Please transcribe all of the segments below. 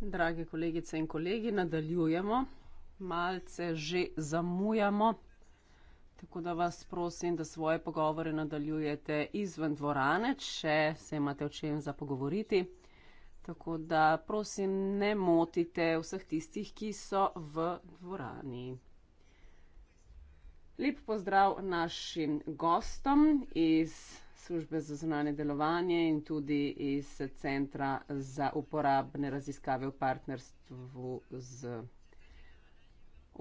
Drage kolegice in kolegi, nadaljujemo. Malce že zamujamo, tako da vas prosim, da svoje pogovore nadaljujete izven dvorane, če se imate o čem za pogovoriti. Tako da prosim, ne motite vseh tistih, ki so v dvorani. Lep pozdrav našim gostom iz službe za zunanje delovanje in tudi iz Centra za uporabne raziskave v partnerstvu z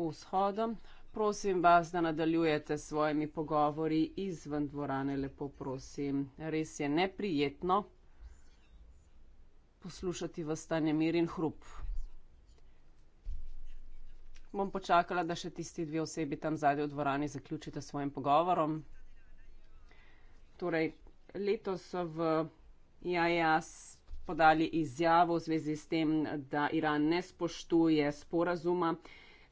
vzhodom. Prosim vas, da nadaljujete s svojimi pogovori izven dvorane, lepo prosim. Res je neprijetno poslušati v stanje mir in hrup. Bom počakala, da še tisti dve osebi tam zadaj v dvorani zaključite s svojim pogovorom torej letos so v IAS podali izjavo v zvezi s tem, da Iran ne spoštuje sporazuma.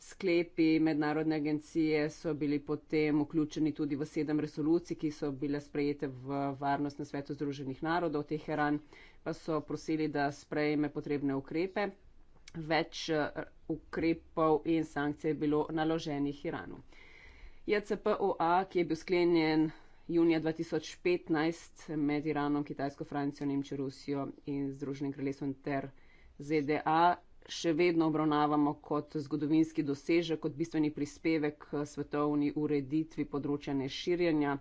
Sklepi mednarodne agencije so bili potem vključeni tudi v sedem resolucij, ki so bile sprejete v varnost na svetu Združenih narodov. Teheran pa so prosili, da sprejme potrebne ukrepe. Več eh, ukrepov in sankcij je bilo naloženih Iranu. JCPOA, ki je bil sklenjen junija 2015 med Iranom, Kitajsko, Francijo, Nemčijo, Rusijo in Združenim kraljestvom ter ZDA še vedno obravnavamo kot zgodovinski dosežek, kot bistveni prispevek k svetovni ureditvi področja neširjenja.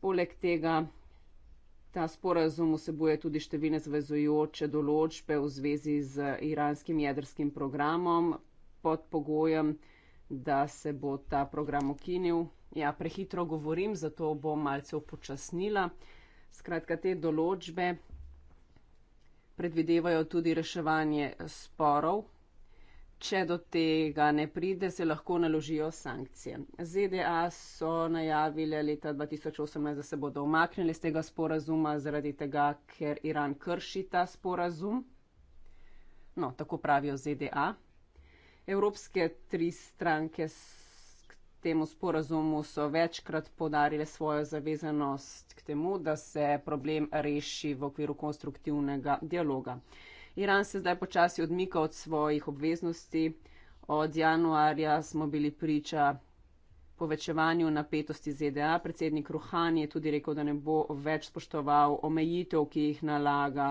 Poleg tega ta sporazum vsebuje tudi številne zvezojoče določbe v zvezi z iranskim jedrskim programom pod pogojem, da se bo ta program okinil. Ja, prehitro govorim, zato bom malce upočasnila. Skratka, te določbe predvidevajo tudi reševanje sporov. Če do tega ne pride, se lahko naložijo sankcije. ZDA so najavile leta 2018, da se bodo omaknili z tega sporazuma zaradi tega, ker Iran krši ta sporazum. No, tako pravijo ZDA. Evropske tri stranke so temu sporazumu so večkrat podarile svojo zavezanost k temu, da se problem reši v okviru konstruktivnega dialoga. Iran se zdaj počasi odmika od svojih obveznosti. Od januarja smo bili priča povečevanju napetosti ZDA. Predsednik Ruhani je tudi rekel, da ne bo več spoštoval omejitev, ki jih nalaga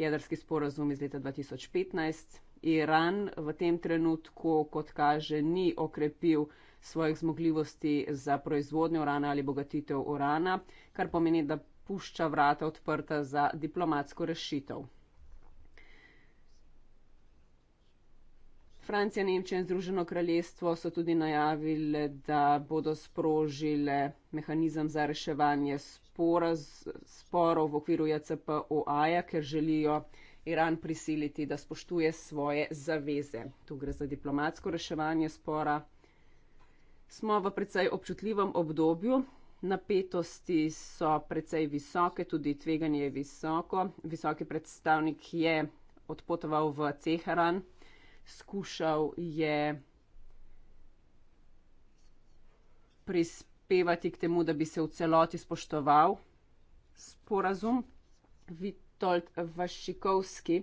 jedrski sporazum iz leta 2015. Iran v tem trenutku, kot kaže, ni okrepil svojih zmogljivosti za proizvodnjo urana ali bogatitev urana, kar pomeni, da pušča vrata odprta za diplomatsko rešitev. Francija, Nemčija in Združeno kraljestvo so tudi najavili, da bodo sprožile mehanizem za reševanje sporov v okviru JCPOA-ja, ker želijo Iran prisiliti, da spoštuje svoje zaveze. Tu gre za diplomatsko reševanje spora smo v precej občutljivem obdobju. Napetosti so precej visoke, tudi tveganje je visoko. Visoki predstavnik je odpotoval v Ceharan, skušal je prispevati k temu, da bi se v celoti spoštoval sporazum. Vitold Vašikovski.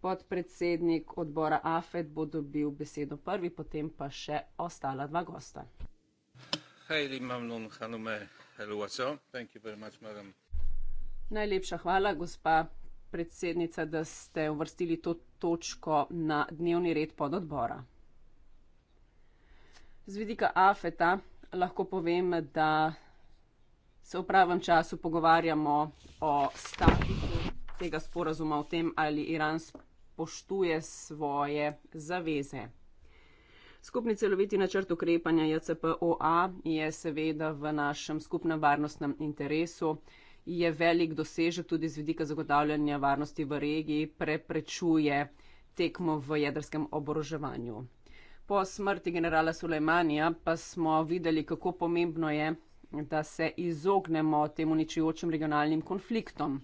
Podpredsednik odbora AFED bo dobil besedo prvi, potem pa še ostala dva gosta. Najlepša hvala, gospa predsednica, da ste uvrstili to točko na dnevni red pododbora. Z vidika AFETA lahko povem, da se v pravem času pogovarjamo o statusu tega sporazuma, o tem, ali Iran sporazuma spoštuje svoje zaveze. Skupni celoviti načrt ukrepanja JCPOA je seveda v našem skupnem varnostnem interesu, je velik dosežek tudi z vidika zagotavljanja varnosti v regiji, preprečuje tekmo v jedrskem oboroževanju. Po smrti generala Sulejmanija pa smo videli, kako pomembno je, da se izognemo tem uničujočim regionalnim konfliktom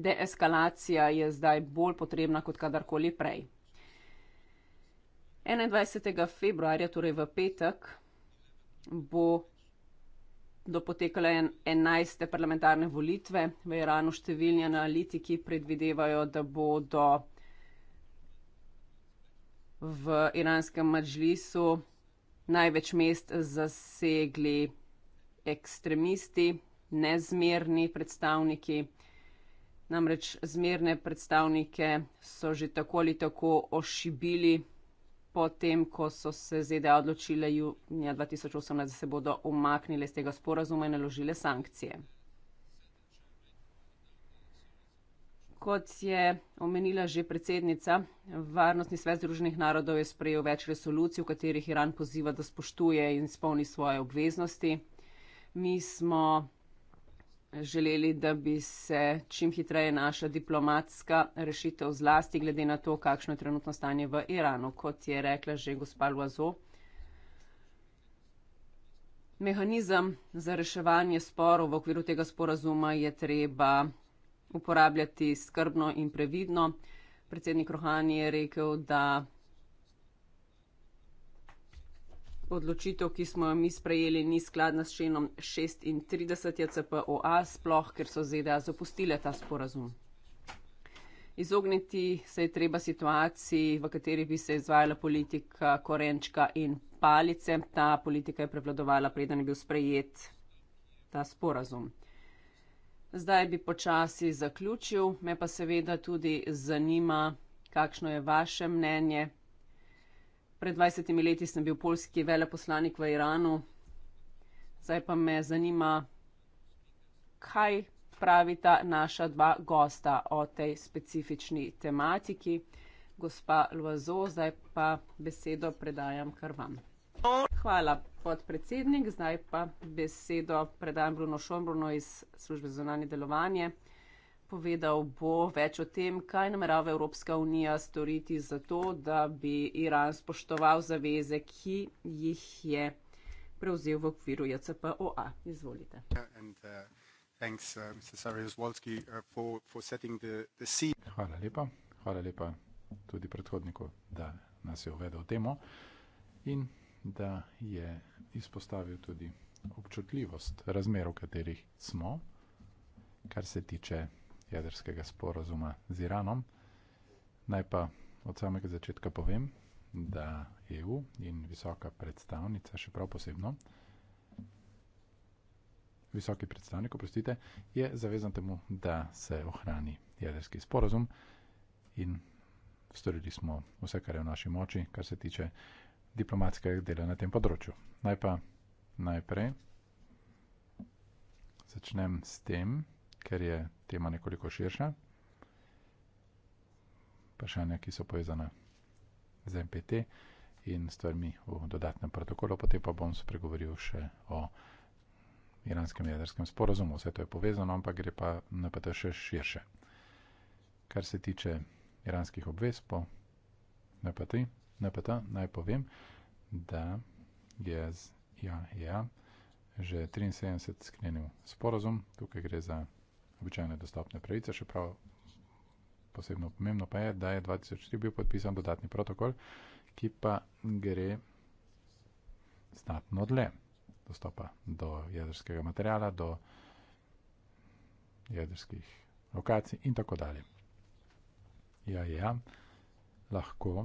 deeskalacija je zdaj bolj potrebna kot kadarkoli prej. 21. februarja, torej v petek, bo dopotekala 11. parlamentarne volitve v Iranu. Številni analitiki predvidevajo, da bo do v iranskem mažlisu največ mest zasegli ekstremisti, nezmerni predstavniki namreč zmerne predstavnike so že tako ali tako ošibili potem, ko so se ZDA odločile junija 2018, da se bodo umaknile z tega sporazuma in naložile sankcije. Kot je omenila že predsednica, Varnostni svet Združenih narodov je sprejel več resolucij, v katerih Iran poziva, da spoštuje in spolni svoje obveznosti. Mi smo želeli, da bi se čim hitreje našla diplomatska rešitev zlasti glede na to, kakšno je trenutno stanje v Iranu, kot je rekla že gospa Loazo. Mehanizem za reševanje sporov v okviru tega sporazuma je treba uporabljati skrbno in previdno. Predsednik Rohani je rekel, da odločitev, ki smo jo mi sprejeli, ni skladna s členom 36 CPOA, sploh ker so ZDA zapustile ta sporazum. Izogniti se je treba situaciji, v kateri bi se izvajala politika korenčka in palice. Ta politika je prevladovala, preden je bil sprejet ta sporazum. Zdaj bi počasi zaključil, me pa seveda tudi zanima, kakšno je vaše mnenje, Pred 20 leti sem bil polski veleposlanik v Iranu, zdaj pa me zanima, kaj pravita naša dva gosta o tej specifični tematiki. Gospa Loazo, zdaj pa besedo predajam kar vam. Hvala, podpredsednik. Zdaj pa besedo predajam Bruno Šombrunu iz službe zunanje delovanje povedal bo več o tem, kaj namerava Evropska unija storiti za to, da bi Iran spoštoval zaveze, ki jih je prevzel v okviru JCPOA. Izvolite. Hvala lepa. Hvala lepa tudi predhodniku, da nas je uvedel temo in da je izpostavil tudi občutljivost razmer, v katerih smo, kar se tiče jedrskega sporozuma z Iranom. Naj pa od samega začetka povem, da EU in visoka predstavnica, še prav posebno, visoki predstavnik, oprostite, je zavezan temu, da se ohrani jedrski sporozum in storili smo vse, kar je v naši moči, kar se tiče diplomatskega dela na tem področju. Naj pa najprej začnem s tem, ker je tema nekoliko širša. Vprašanja, ki so povezana z MPT in stvarmi v dodatnem protokolu, potem pa bom spregovoril še o iranskem jedrskem sporozumu. Vse to je povezano, ampak gre pa na PT še širše. Kar se tiče iranskih obvez po NPT, NPT naj povem, da je z IAEA ja, ja, že 73 sklenil sporozum. Tukaj gre za običajne dostopne pravice, še prav posebno pomembno pa je, da je 2004 bil podpisan dodatni protokol, ki pa gre znatno dle dostopa do jedrskega materijala, do jedrskih lokacij in tako dalje. Ja, ja, lahko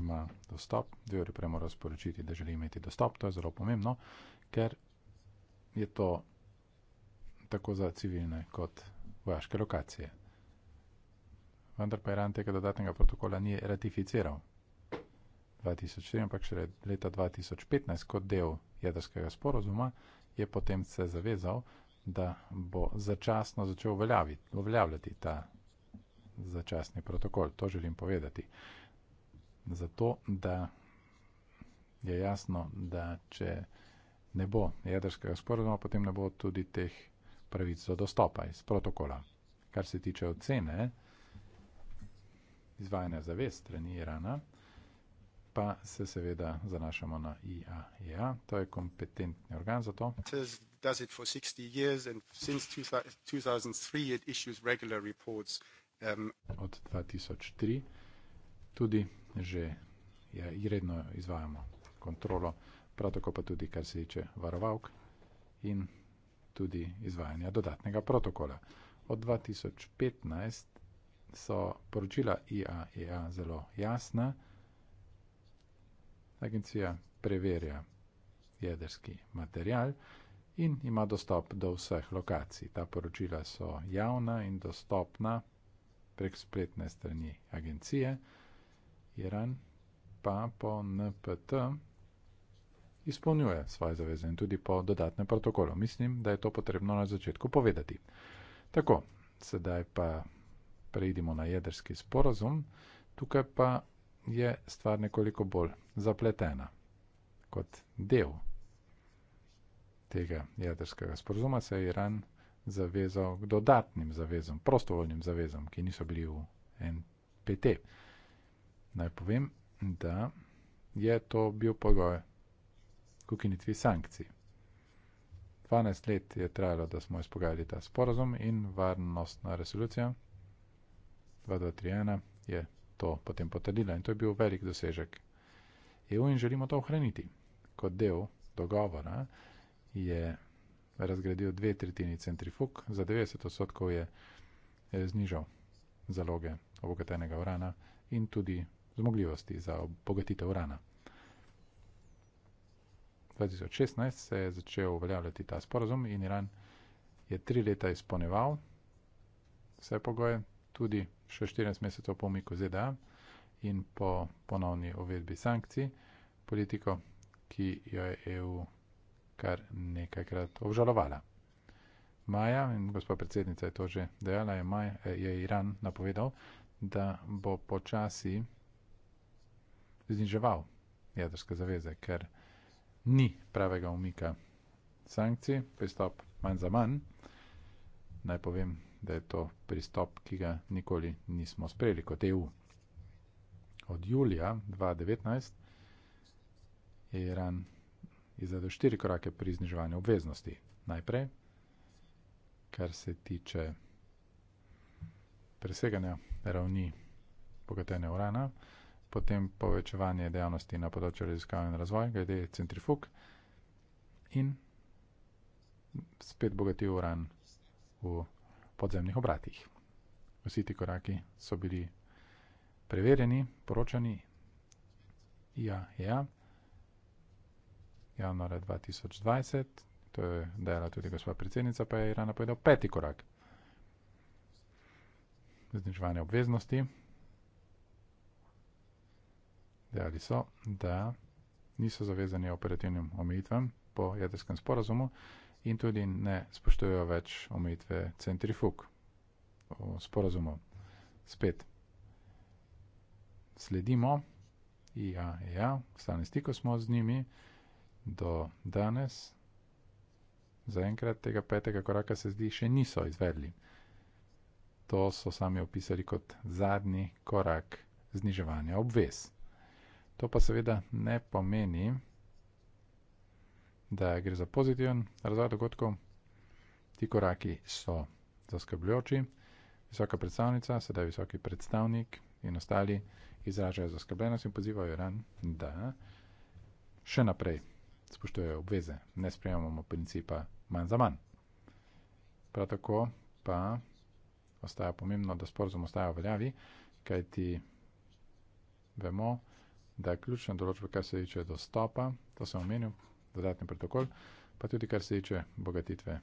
ima dostop, dve ure prej mora sporočiti, da želi imeti dostop, to je zelo pomembno, ker je to tako za civilne kot vojaške lokacije. Vendar pa Iran tega dodatnega protokola ni ratificiral 2004, ampak še leta 2015 kot del jedrskega sporozuma je potem se zavezal, da bo začasno začel uveljavljati ta začasni protokol. To želim povedati. Zato, da je jasno, da če ne bo jedrskega sporozuma, potem ne bo tudi teh pravico dostopa iz protokola. Kar se tiče ocene izvajanja zavez strani Irana, pa se seveda zanašamo na IAEA, e to je kompetentni organ za to. Does it for 60 years and since 2003 it issues regular reports. Um, Od 2003 tudi že ja, redno izvajamo kontrolo, prav tako pa tudi kar se tiče varovalk in tudi izvajanja dodatnega protokola. Od 2015 so poročila IAEA e zelo jasna. Agencija preverja jedrski material in ima dostop do vseh lokacij. Ta poročila so javna in dostopna prek spletne strani agencije. Iran pa po NPT izpolnjuje svoje zaveze in tudi po dodatnem protokolu. Mislim, da je to potrebno na začetku povedati. Tako, sedaj pa preidimo na jedrski sporozum, tukaj pa je stvar nekoliko bolj zapletena. Kot del tega jedrskega sporozuma se je Iran zavezal k dodatnim zavezam, prostovoljnim zavezam, ki niso bili v NPT. Naj povem, da je to bil pogoj ukinitvi sankcij. 12 let je trajalo, da smo izpogajali ta sporozum in varnostna resolucija 2231 je to potem potrdila in to je bil velik dosežek. EU in želimo to ohraniti. Kot del dogovora je razgradil dve tretjini centrifug, za 90 odstotkov je e, znižal zaloge obogatenega urana in tudi zmogljivosti za obogatitev urana. 2016 se je začel uveljavljati ta sporazum in Iran je tri leta izpolneval vse pogoje, tudi še 14 mesecev po umiku ZDA in po ponovni uvedbi sankcij, politiko, ki jo je EU kar nekajkrat obžalovala. Maja, in gospod predsednica je to že dejala, je, Maja, je Iran napovedal, da bo počasi zniževal jedrske zaveze, ker ni pravega umika sankcij, pristop manj za manj. Naj povem, da je to pristop, ki ga nikoli nismo sprejeli kot EU. Od julija 2019 je Iran izvedel štiri korake pri zniževanju obveznosti. Najprej, kar se tiče preseganja ravni bogatenja urana, potem povečevanje dejavnosti na področju raziskav in razvoja, glede centrifug in spet bogati uran v podzemnih obratih. Vsi ti koraki so bili preverjeni, poročani, ja, ja, januar 2020, to je dejala tudi gospod predsednica, pa je Iran napovedal peti korak. Zničevanje obveznosti, dejali so, da niso zavezani operativnim omejitvam po jedrskem sporazumu in tudi ne spoštujejo več omejitve centrifug sporazumov. Spet sledimo IAEA, e v stalnem stiku smo z njimi do danes. Zaenkrat tega petega koraka se zdi, še niso izvedli. To so sami opisali kot zadnji korak zniževanja obvez. To pa seveda ne pomeni, da gre za pozitiven razvoj dogodkov. Ti koraki so zaskrbljujoči. Visoka predstavnica, sedaj visoki predstavnik in ostali izražajo zaskrbljenost in pozivajo Iran, da še naprej spoštujejo obveze. Ne sprejemamo principa manj za manj. Prav tako pa ostaja pomembno, da sporozum ostaja v veljavi, kajti vemo, da da je ključna določba, kar se tiče dostopa, to sem omenil, dodatni protokol, pa tudi kar se tiče bogatitve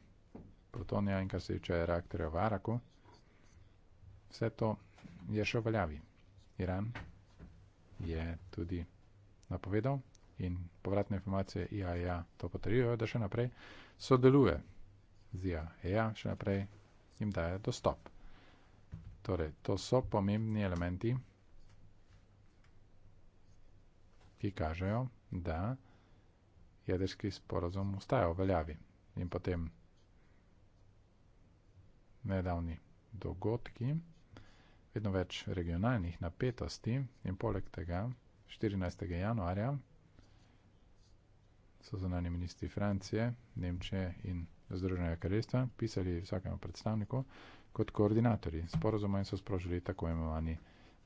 protonija in kar se tiče reaktorja v Araku. Vse to je še v veljavi. Iran je tudi napovedal in povratne informacije IAEA e to potrjujejo, da še naprej sodeluje z IAEA, e še naprej jim daje dostop. Torej, to so pomembni elementi ki kažejo, da jedrski sporozum ostaja v veljavi. In potem nedavni dogodki, vedno več regionalnih napetosti in poleg tega 14. januarja so zunani ministri Francije, Nemčije in Združenega kraljestva pisali vsakemu predstavniku kot koordinatorji sporozuma in so sprožili tako imenovani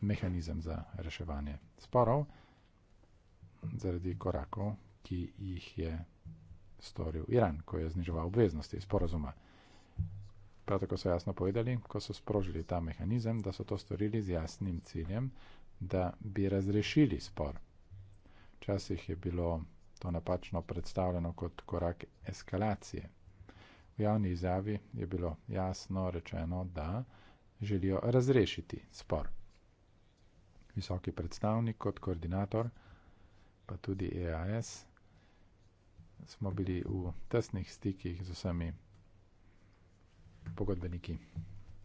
mehanizem za reševanje sporov zaradi korakov, ki jih je storil Iran, ko je zniževal obveznosti iz porazuma. Prav tako so jasno povedali, ko so sprožili ta mehanizem, da so to storili z jasnim ciljem, da bi razrešili spor. Včasih je bilo to napačno predstavljeno kot korak eskalacije. V javni izjavi je bilo jasno rečeno, da želijo razrešiti spor. Visoki predstavnik kot koordinator pa tudi EAS, smo bili v tesnih stikih z vsemi pogodbeniki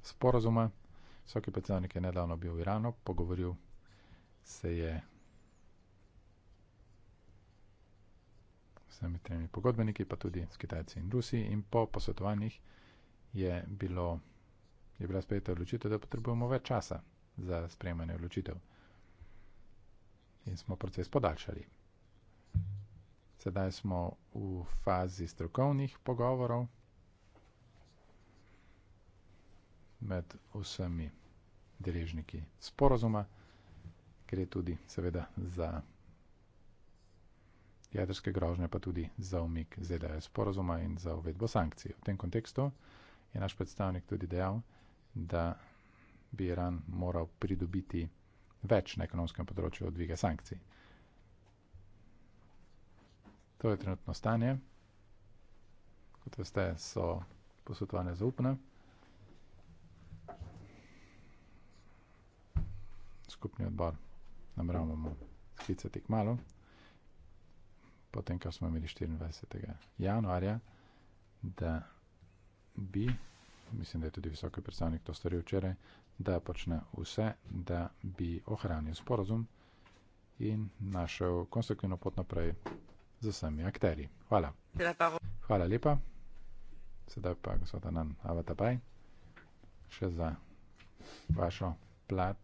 sporozuma. Vsaki predsednik je nedavno bil v Iranu, pogovoril se je vsemi tremi pogodbeniki, pa tudi s Kitajci in Rusi in po posvetovanjih je, bilo, je bila sprejeta odločitev, da potrebujemo več časa za sprejemanje odločitev in smo proces podaljšali. Sedaj smo v fazi strokovnih pogovorov med vsemi deležniki sporozuma, gre tudi seveda za jedrske grožnje, pa tudi za umik ZDA sporozuma in za uvedbo sankcij. V tem kontekstu je naš predstavnik tudi dejal, da bi Iran moral pridobiti več na ekonomskem področju od dviga sankcij. To je trenutno stanje. Kot veste, so posvetovanja zaupne. Skupni odbor nameravamo sklicati k malu, potem, ko smo imeli 24. januarja, da bi, mislim, da je tudi visoki predstavnik to storil včeraj, da počne vse, da bi ohranil sporazum in našel konstruktivno pot naprej z vsemi akteri. Hvala. Hvala lepa. Sedaj pa gospod Anan Avatabaj še za vašo plat,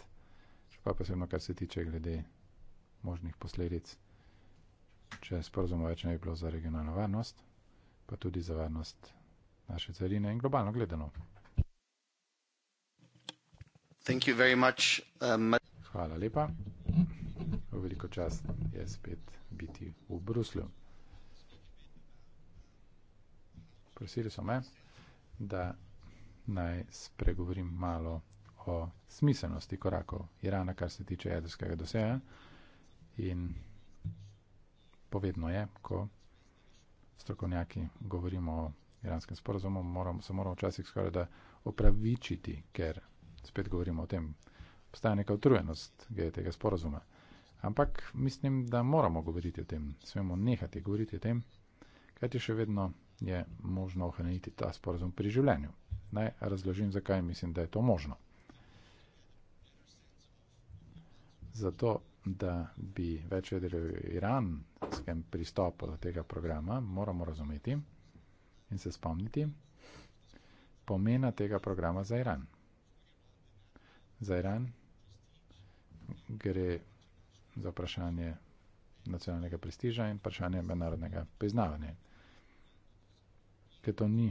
še pa posebno, kar se tiče glede možnih posledic, če sporozum več ne bi bilo za regionalno varnost, pa tudi za varnost naše carine in globalno gledano. Uh, Hvala lepa. Veliko čast je spet biti v Bruslju. Prosili so me, da naj spregovorim malo o smiselnosti korakov Irana, kar se tiče jedrskega doseja. In povedno je, ko strokovnjaki govorimo o iranskem sporozumu, moramo, se moramo včasih skoraj da opravičiti, ker spet govorimo o tem, obstaja neka utrujenost glede tega sporazuma. Ampak mislim, da moramo govoriti o tem, smemo nehati govoriti o tem, kajti še vedno je možno ohraniti ta sporazum pri življenju. Naj razložim, zakaj mislim, da je to možno. Zato, da bi več vedeli o iranskem pristopu do tega programa, moramo razumeti in se spomniti pomena tega programa za Iran za Iran, gre za vprašanje nacionalnega prestiža in vprašanje mednarodnega priznavanja. Ker to ni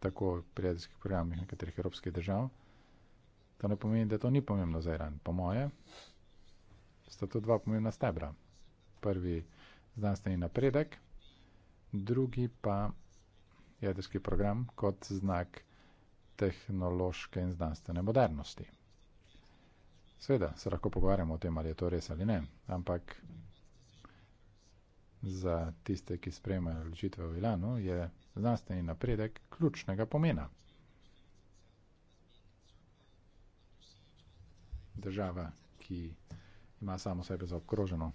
tako v prijateljskih programih nekaterih evropskih držav, to ne pomeni, da to ni pomembno za Iran. Po moje, sta to dva pomembna stebra. Prvi znanstveni napredek, drugi pa jedrski program kot znak tehnološke in znanstvene modernosti. Seveda se lahko pogovarjamo o tem, ali je to res ali ne, ampak za tiste, ki spremljajo ločitve v Ilanu, je znanstveni napredek ključnega pomena. Država, ki ima samo sebe zaokroženo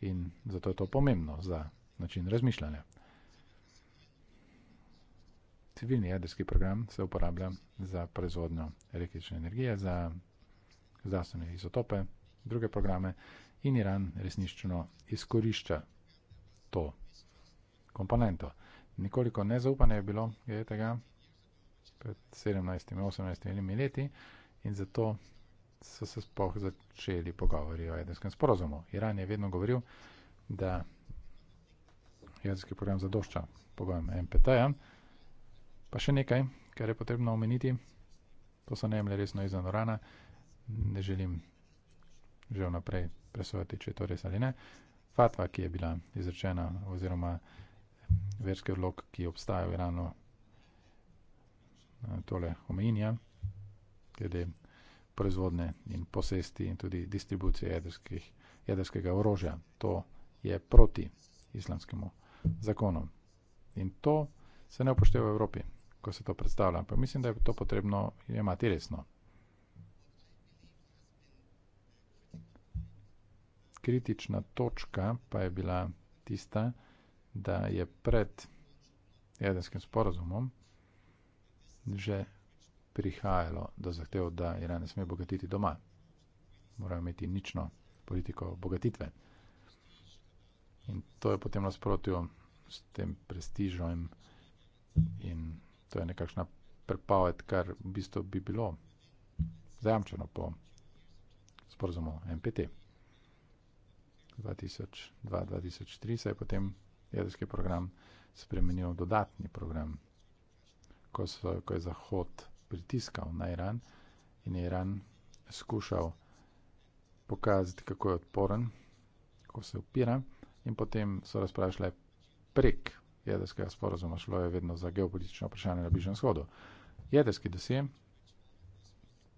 in zato je to pomembno za način razmišljanja civilni jedrski program se uporablja za proizvodnjo električne energije, za zdravstvene izotope, druge programe in Iran resnično izkorišča to komponento. Nekoliko nezaupanje je bilo glede tega pred 17-18 leti in zato so se spoh začeli pogovori o jedrskem sporozumu. Iran je vedno govoril, da jedrski program zadošča pogojem NPT-ja, Pa še nekaj, kar je potrebno omeniti, to so najemlje resno izven urana, ne želim že vnaprej presojati, če je to res ali ne. Fatva, ki je bila izrečena oziroma verski vlog, ki obstaja v Iranu, tole omenja, glede proizvodne in posesti in tudi distribucije jedrskih, jedrskega orožja. To je proti islamskemu zakonu. In to se ne upošteva v Evropi ko se to predstavlja. Ampak mislim, da je to potrebno imati resno. Kritična točka pa je bila tista, da je pred jedrskim sporozumom že prihajalo do zahtev, da Iran ne sme bogatiti doma. Morajo imeti nično politiko bogatitve. In to je potem nasprotil s tem prestižom in To je nekakšna prepoved, kar v bistvu bi bilo zajamčeno po sporozumu NPT 2002-2003, saj je potem jedrski program spremenil dodatni program, ko, so, ko je Zahod pritiskal na Iran in je Iran skušal pokazati, kako je odporen, kako se upira in potem so razprašali prek jedrskega sporozuma šlo je vedno za geopolitično vprašanje na Bližnem shodu. Jedrski dosje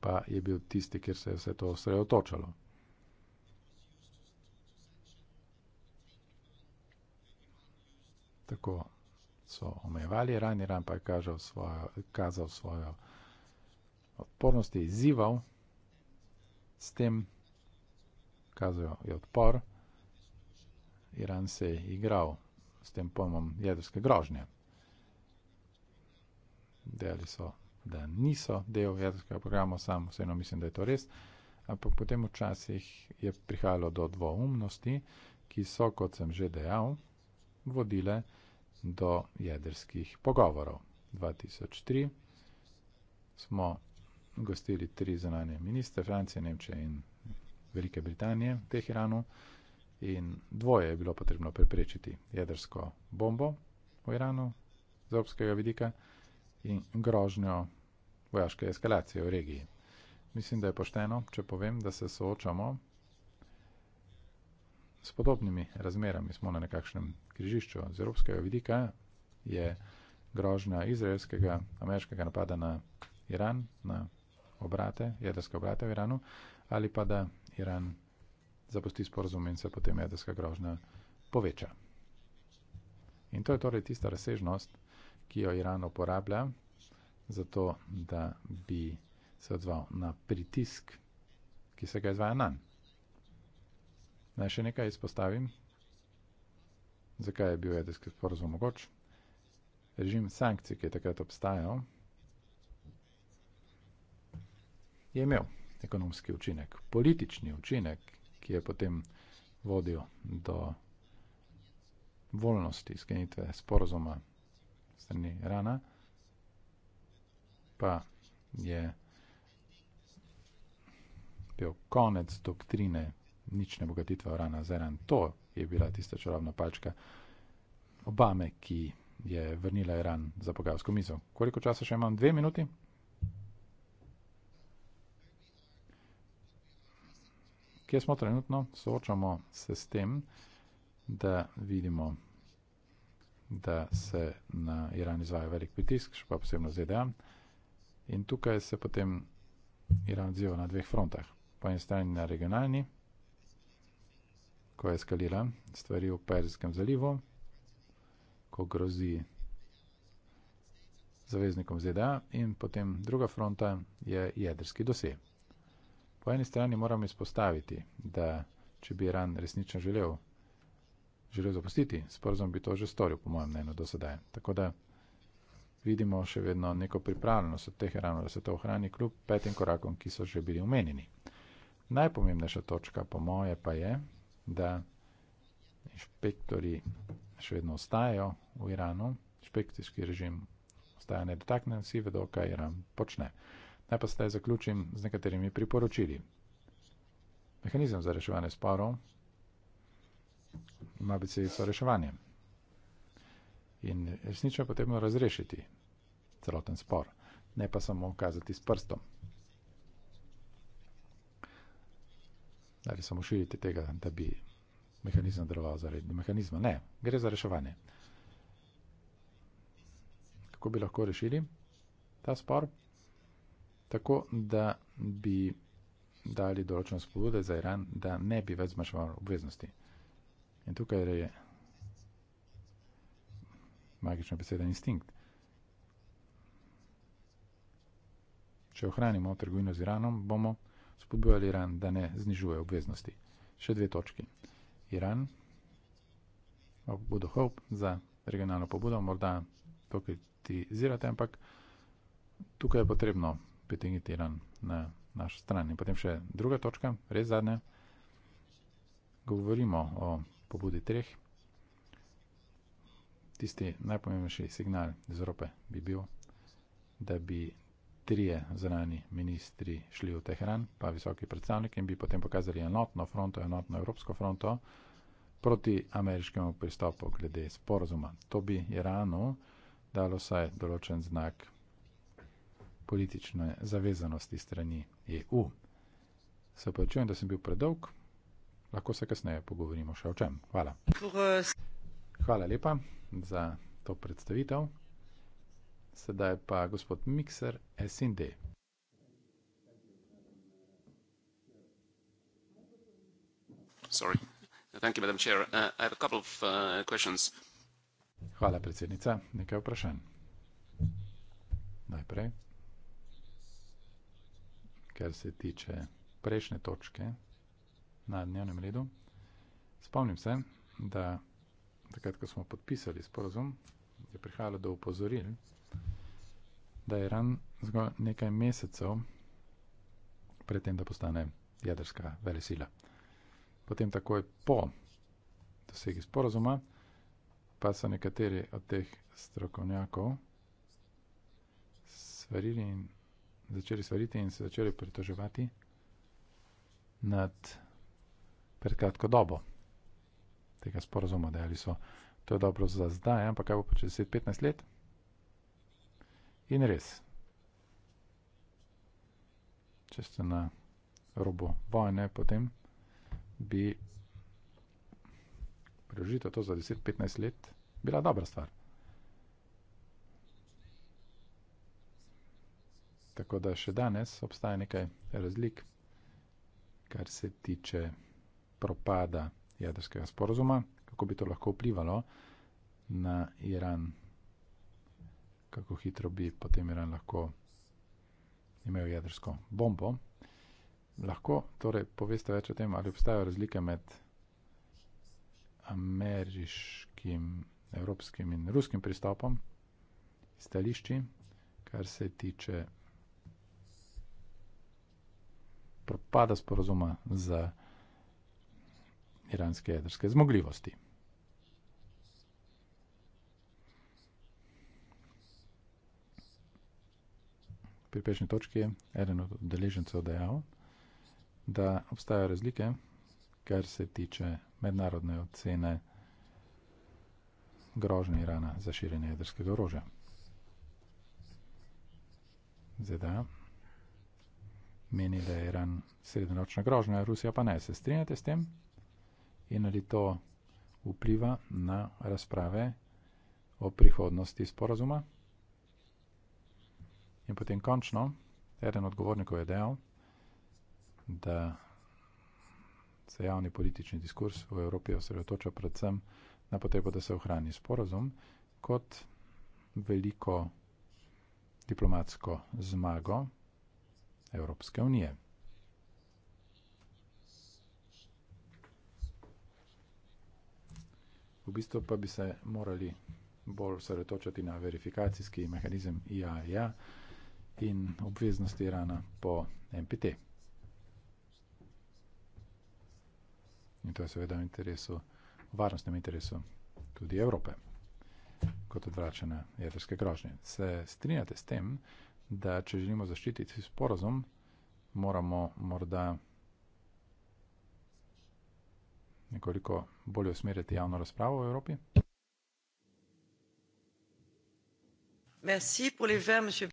pa je bil tisti, kjer se je vse to osredotočalo. Tako so omejevali Iran, Iran pa je kazal svojo, kazal svojo odpornost, je izzival s tem, kazal je odpor. Iran se je igral s tem pojmom jedrske grožnje. Dejali so, da niso del jedrskega programa, sam vseeno mislim, da je to res, ampak potem včasih je prihajalo do dvoumnosti, ki so, kot sem že dejal, vodile do jedrskih pogovorov. 2003 smo gostili tri zanane ministre Francije, Nemčije in Velike Britanije v Teheranu. In dvoje je bilo potrebno preprečiti: jedrsko bombo v Iranu z evropskega vidika in grožnjo vojaške eskalacije v regiji. Mislim, da je pošteno, če povem, da se soočamo s podobnimi razmerami. Smo na nekakšnem križišču. Z evropskega vidika je grožnja izraelskega, ameriškega napada na Iran, na obrate, jedrske obrate v Iranu, ali pa da Iran zapusti sporozum in se potem jedrska grožnja poveča. In to je torej tista razsežnost, ki jo Iran uporablja za to, da bi se odzval na pritisk, ki se ga izvaja na nj. Naj še nekaj izpostavim, zakaj je bil jedrski sporozum mogoč. Režim sankcij, ki je takrat obstajal, je imel ekonomski učinek, politični učinek, ki je potem vodil do voljnosti sklenitve sporozuma strani Irana, pa je bil konec doktrine nične bogatitve Irana za Iran. To je bila tista čarobna palčka Obame, ki je vrnila Iran za pogajalsko mizo. Koliko časa še imam? Dve minuti? kjer smo trenutno, soočamo se s tem, da vidimo, da se na Iran izvaja velik pritisk, še pa posebno ZDA. In tukaj se potem Iran odziva na dveh frontah. Po eni strani na regionalni, ko je eskalira stvari v Perzijskem zalivu, ko grozi zaveznikom ZDA in potem druga fronta je jedrski dosej. Po eni strani moram izpostaviti, da če bi Iran resnično želel, želel zapustiti sporozum, bi to že storil, po mojem mnenju, do sedaj. Tako da vidimo še vedno neko pripravljenost od Teheranu, da se to ohrani kljub petim korakom, ki so že bili omenjeni. Najpomembnejša točka, po moje, pa je, da inšpektori še vedno ostajajo v Iranu, inšpekcijski režim ostaja nedotaknjen, vsi vedo, kaj Iran počne. Naj pa zdaj zaključim z nekaterimi priporočili. Mehanizem za reševanje sporov ima biti so reševanje. In resnično je potrebno razrešiti celoten spor, ne pa samo kazati s prstom. Ali samo širiti tega, da bi mehanizem deloval zaradi mehanizma. Ne, gre za reševanje. Kako bi lahko rešili ta spor? tako da bi dali določeno spodbude za Iran, da ne bi več zmanjševal obveznosti. In tukaj je magična beseda instinkt. Če ohranimo trgovino z Iranom, bomo spodbujali Iran, da ne znižuje obveznosti. Še dve točki. Iran, bodo hope za regionalno pobudo, morda to kritizirate, ampak tukaj je potrebno petini teden na našo stran. In potem še druga točka, res zadnja. Govorimo o pobudi treh. Tisti najpomembnejši signal iz Evrope bi bil, da bi trije zunani ministri šli v Teheran, pa visoki predstavniki, in bi potem pokazali enotno fronto, enotno evropsko fronto proti ameriškemu pristopu glede sporozuma. To bi Iranu dalo vsaj določen znak politične zavezanosti strani EU. Se pa čujem, da sem bil predolg, lahko se kasneje pogovorimo še o čem. Hvala. Hvala lepa za to predstavitev. Sedaj pa gospod Mikser SND. Thank you, Chair. Uh, I have a couple of uh, questions. Hvala, predsednica. Nekaj vprašanj. Najprej kar se tiče prejšnje točke na dnevnem redu. Spomnim se, da takrat, ko smo podpisali sporozum, je prihajalo do upozoril, da je Iran zgolj nekaj mesecev pred tem, da postane jedrska velesila. Potem takoj po dosegi sporozuma pa so nekateri od teh strokovnjakov svarili in začeli svariti in se začeli pritoževati nad predkratko dobo tega sporozuma, da so to je dobro za zdaj, ampak kaj bo pa čez 10-15 let? In res, če ste na robu vojne, potem bi preložitev to za 10-15 let bila dobra stvar. Tako da še danes obstaja nekaj razlik, kar se tiče propada jedrskega sporozuma, kako bi to lahko vplivalo na Iran, kako hitro bi potem Iran lahko imel jedrsko bombo. Lahko torej poveste več o tem, ali obstajajo razlike med ameriškim, evropskim in ruskim pristopom, stališči, kar se tiče propada sporozuma za iranske jedrske zmogljivosti. Pri prejšnji točki je eden od deležencev dejal, da obstajajo razlike, kar se tiče mednarodne ocene grožnje Irana za širjenje jedrskega orožja. ZDA meni, da je Iran srednjeročna grožnja, Rusija pa ne. Se strinjate s tem? In ali to vpliva na razprave o prihodnosti sporazuma? In potem končno, eden od govornikov je dejal, da se javni politični diskurs v Evropi osredotoča predvsem na potrebo, da se ohrani sporazum kot veliko diplomatsko zmago, Evropske unije. V bistvu pa bi se morali bolj sredotočati na verifikacijski mehanizem IAEA e in obveznosti Irana po NPT. In to je seveda v, interesu, v varnostnem interesu tudi Evrope, kot odvračanje jedrske grožnje. Se strinjate s tem, da da če želimo zaščititi sporozum, moramo morda nekoliko bolje usmeriti javno razpravo v Evropi. Merci pour les vins, monsieur.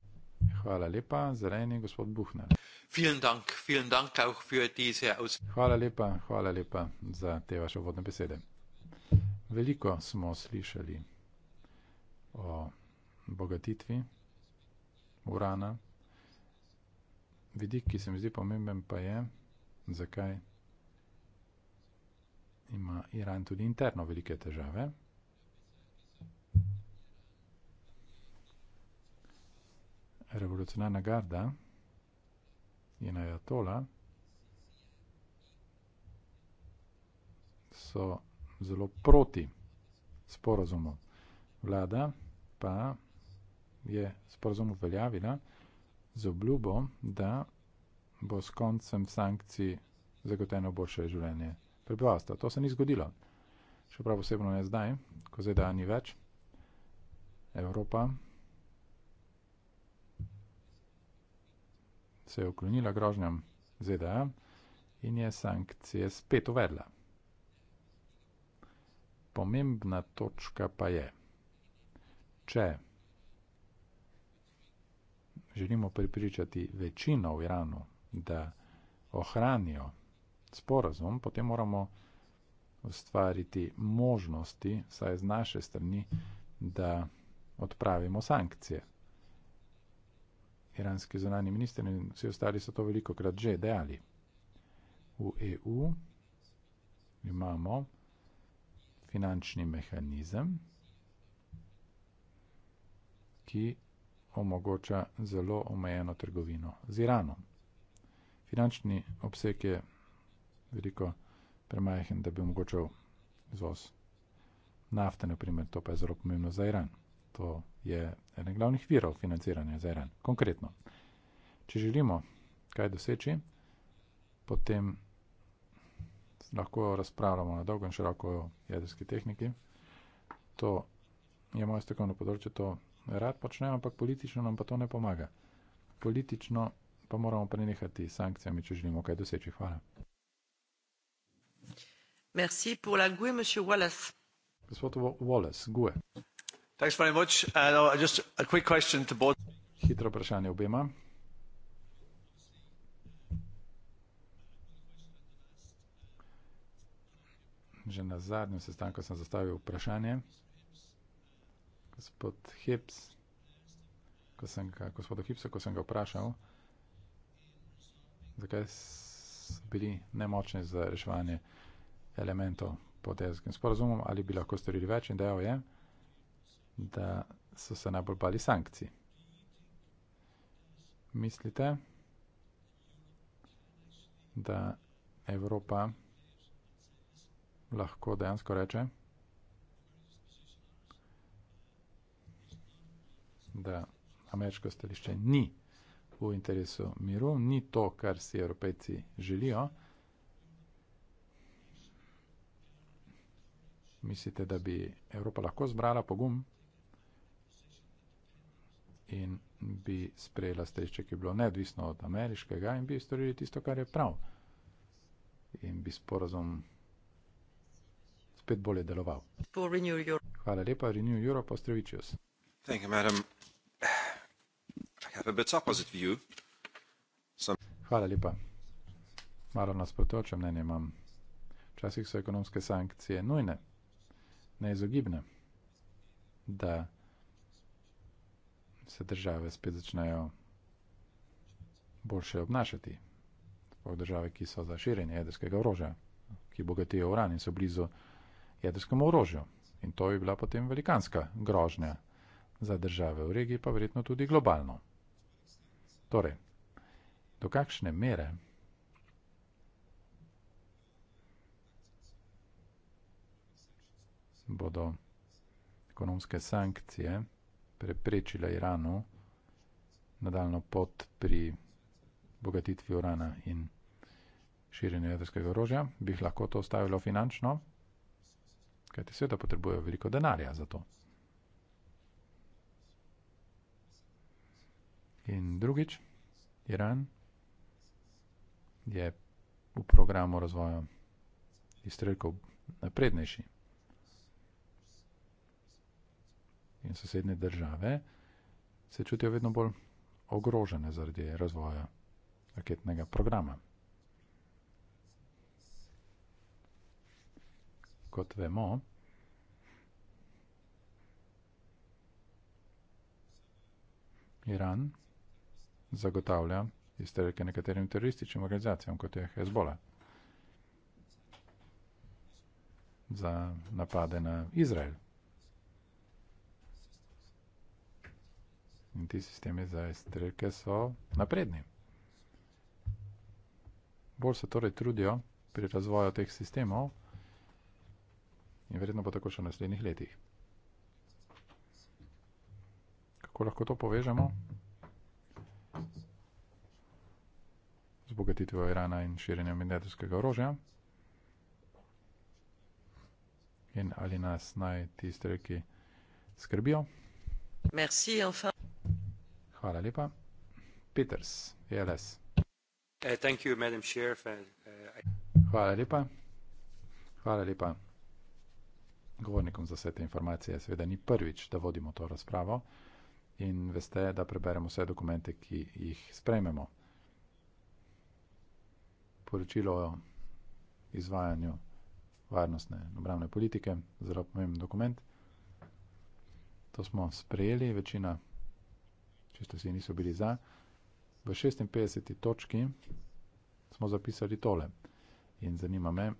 Hvala lepa, zeleni gospod Buhner. Vielen Dank, vielen Dank auch für diese aus... Hvala lepa, hvala lepa za te vaše vodne besede. Veliko smo slišali o bogatitvi urana. Vidik, ki se mi zdi pomemben, pa je, zakaj ima Iran tudi interno velike težave. Revolucionarna garda je na Jatola, so zelo proti sporozumu. Vlada pa je sporozum uveljavila z obljubo, da bo s koncem sankcij zagoteno boljše življenje prebivalstva. To se ni zgodilo. Še prav posebno ne zdaj, ko ZDA ni več. Evropa se je uklonila grožnjam ZDA in je sankcije spet uvedla. Pomembna točka pa je, če želimo pripričati večino v Iranu, da ohranijo sporazum, potem moramo ustvariti možnosti, saj z naše strani, da odpravimo sankcije. Iranski zunani minister in vsi ostali so to veliko krat že dejali. V EU imamo finančni mehanizem, ki omogoča zelo omejeno trgovino z Iranom. Finančni obseg je veliko premajhen, da bi omogočal izvoz nafte, na primer, to pa je zelo pomembno za Iran. To je eden glavnih virov financiranja za Iran. Konkretno, če želimo kaj doseči, potem lahko razpravljamo na dolgo in široko o jedrski tehniki. To je moje strokovno področje, to rad počnem, ampak politično nam pa to ne pomaga. Politično pa moramo prenehati s sankcijami, če želimo kaj doseči. Hvala. Merci pour la gue, monsieur Wallace. Gospod Wallace, gue. Thanks very much. And uh, just a quick question to both. Hitro vprašanje obema. Že na zadnjem sestanku sem zastavil vprašanje gospod Hips, ko sem ga, gospod Hipsa, ko sem ga vprašal, zakaj so bili nemočni za reševanje elementov pod jezikovnim sporozumom, ali bi lahko storili več in dejal je, da so se najbolj bali sankcij. Mislite, da Evropa lahko dejansko reče, da ameriško stališče ni v interesu miru, ni to, kar si evropejci želijo. Mislite, da bi Evropa lahko zbrala pogum in bi sprejela stališče, ki je bilo neodvisno od ameriškega in bi storili tisto, kar je prav. In bi sporazum spet bolje deloval. Hvala lepa, Renew Europe, Ostrovičius. Hvala lepa. Malo nasprotujoče mnenje imam. Včasih so ekonomske sankcije nujne, neizogibne, da se države spet začnejo boljše obnašati. Sploh države, ki so za širjenje jedrskega orožja, ki bogatijo uran in so blizu jedrskemu orožju. In to bi bila potem velikanska grožnja za države v regiji, pa verjetno tudi globalno. Torej, do kakšne mere bodo ekonomske sankcije preprečile Iranu nadaljno pot pri bogatitvi urana in širjenju jedrskega orožja, bi lahko to ostavilo finančno, kajti sveda potrebuje veliko denarja za to. In drugič, Iran je v programu razvoja izstrelkov naprednejši. In sosednje države se čutijo vedno bolj ogrožene zaradi razvoja raketnega programa. Kot vemo, Iran zagotavlja izstrelke nekaterim terorističnim organizacijam, kot je Hezbola, za napade na Izrael. In ti sistemi za izstrelke so napredni. Bolj se torej trudijo pri razvoju teh sistemov in verjetno bo tako še v naslednjih letih. Kako lahko to povežemo? obogatitev Irana in širjenjem jedrskega orožja. In ali nas naj tiste reki skrbijo? Merci, enfin. Hvala lepa. Peters, ELS. Uh, thank you, Madam Sheriff. Uh, I... Hvala lepa. Hvala lepa. Govornikom za vse te informacije, seveda ni prvič, da vodimo to razpravo in veste, da preberemo vse dokumente, ki jih sprejmemo poročilo o izvajanju varnostne obramne politike, zelo pomemben dokument. To smo sprejeli, večina, čisto vsi niso bili za. V 56. točki smo zapisali tole in zanima me,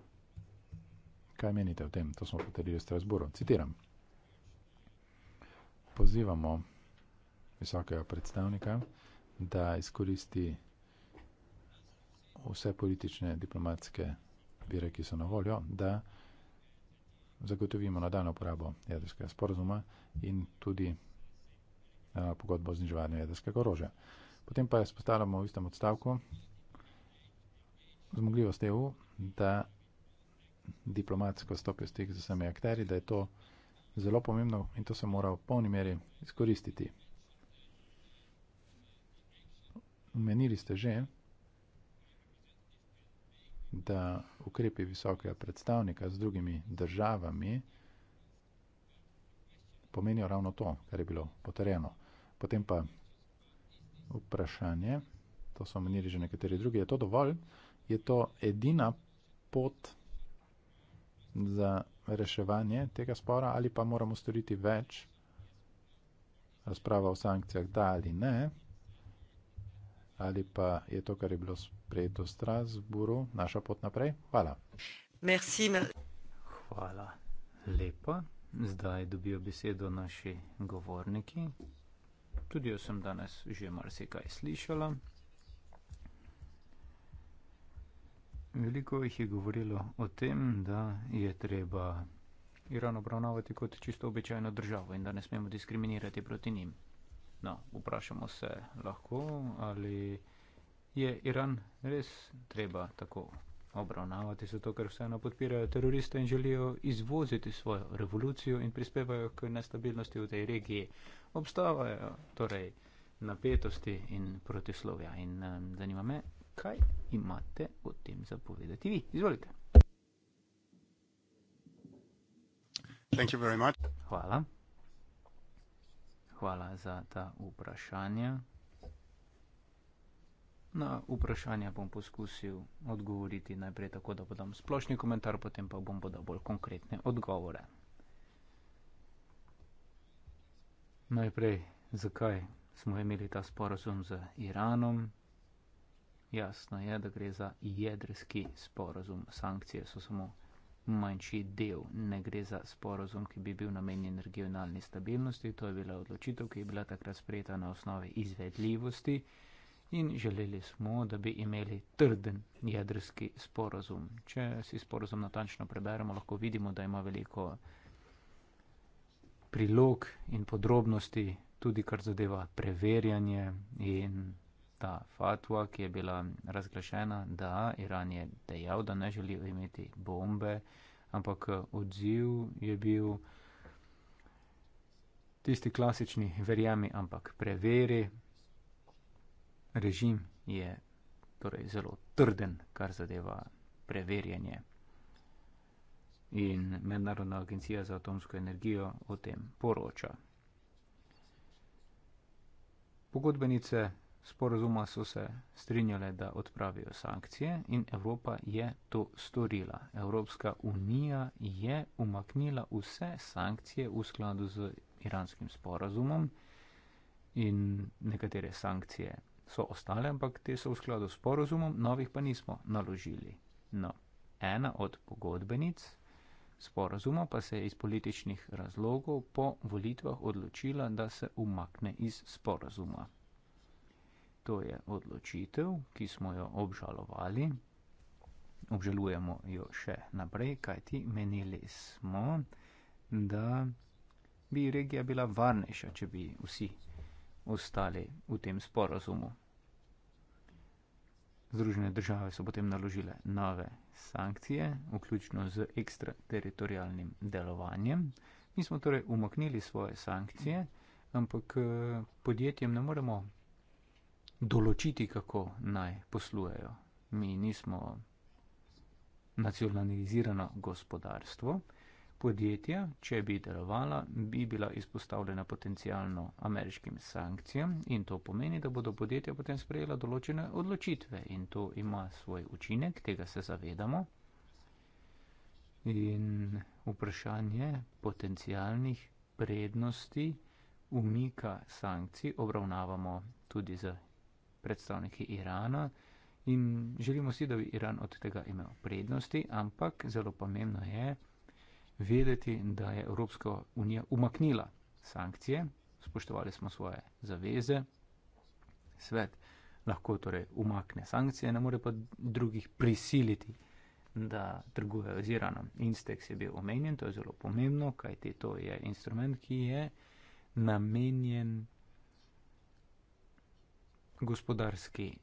kaj menite o tem, to smo potrdili v Strasburu. Citiram. Pozivamo visokega predstavnika, da izkoristi vse politične diplomatske vire, ki so na voljo, da zagotovimo nadaljno uporabo jedrskega sporozuma in tudi eh, pogodbo o zniževanju jedrskega orožja. Potem pa izpostavljamo v istem odstavku zmogljivost EU, da diplomatsko stopi v stik z vsemi akteri, da je to zelo pomembno in to se mora v polni meri izkoristiti. Menili ste že, da ukrepi visokega predstavnika z drugimi državami pomenijo ravno to, kar je bilo potrjeno. Potem pa vprašanje, to so menili že nekateri drugi, je to dovolj, je to edina pot za reševanje tega spora ali pa moramo storiti več razprava o sankcijah, da ali ne ali pa je to, kar je bilo sprejeto v Strasburu, naša pot naprej. Hvala. Merci, me... Hvala lepa. Zdaj dobijo besedo naši govorniki. Tudi jaz sem danes že marsikaj slišala. Veliko jih je govorilo o tem, da je treba Iran obravnavati kot čisto običajno državo in da ne smemo diskriminirati proti njim. No, vprašamo se lahko, ali je Iran res treba tako obravnavati, zato ker vseeno podpirajo teroriste in želijo izvoziti svojo revolucijo in prispevajo k nestabilnosti v tej regiji. Obstavajo torej napetosti in protislovja. In um, zanima me, kaj imate o tem zapovedati vi. Izvolite. Hvala hvala za ta vprašanja. Na vprašanja bom poskusil odgovoriti najprej tako, da podam splošni komentar, potem pa bom podal bolj konkretne odgovore. Najprej, zakaj smo imeli ta sporozum z Iranom? Jasno je, da gre za jedrski sporozum. Sankcije so samo manjši del. Ne gre za sporozum, ki bi bil namenjen regionalni stabilnosti, to je bila odločitev, ki je bila takrat sprejeta na osnovi izvedljivosti in želeli smo, da bi imeli trden jedrski sporozum. Če si sporozum natančno preberemo, lahko vidimo, da ima veliko prilog in podrobnosti, tudi kar zadeva preverjanje in ta fatwa, ki je bila razglašena, da Iran je dejal, da ne želi imeti bombe, ampak odziv je bil tisti klasični, verjami, ampak preveri. Režim je torej zelo trden, kar zadeva preverjanje. In Mednarodna agencija za atomsko energijo o tem poroča. Pogodbenice sporozuma so se strinjale, da odpravijo sankcije in Evropa je to storila. Evropska unija je umaknila vse sankcije v skladu z iranskim sporozumom in nekatere sankcije so ostale, ampak te so v skladu s sporozumom, novih pa nismo naložili. No, ena od pogodbenic sporozuma pa se je iz političnih razlogov po volitvah odločila, da se umakne iz sporozuma to je odločitev, ki smo jo obžalovali. Obžalujemo jo še naprej, kajti menili smo, da bi regija bila varnejša, če bi vsi ostali v tem sporazumu. Združene države so potem naložile nove sankcije, vključno z ekstrateritorijalnim delovanjem. Mi smo torej umaknili svoje sankcije, ampak eh, podjetjem ne moremo določiti, kako naj poslujejo. Mi nismo nacionalizirano gospodarstvo. Podjetja, če bi delovala, bi bila izpostavljena potencijalno ameriškim sankcijam in to pomeni, da bodo podjetja potem sprejela določene odločitve in to ima svoj učinek, tega se zavedamo. In vprašanje potencijalnih prednosti umika sankcij obravnavamo tudi z predstavniki Irana in želimo si, da bi Iran od tega imel prednosti, ampak zelo pomembno je vedeti, da je Evropska unija umaknila sankcije, spoštovali smo svoje zaveze, svet lahko torej umakne sankcije, ne more pa drugih prisiliti, da trgujejo z Iranom. Instex je bil omenjen, to je zelo pomembno, kajti to je instrument, ki je namenjen gospodarski,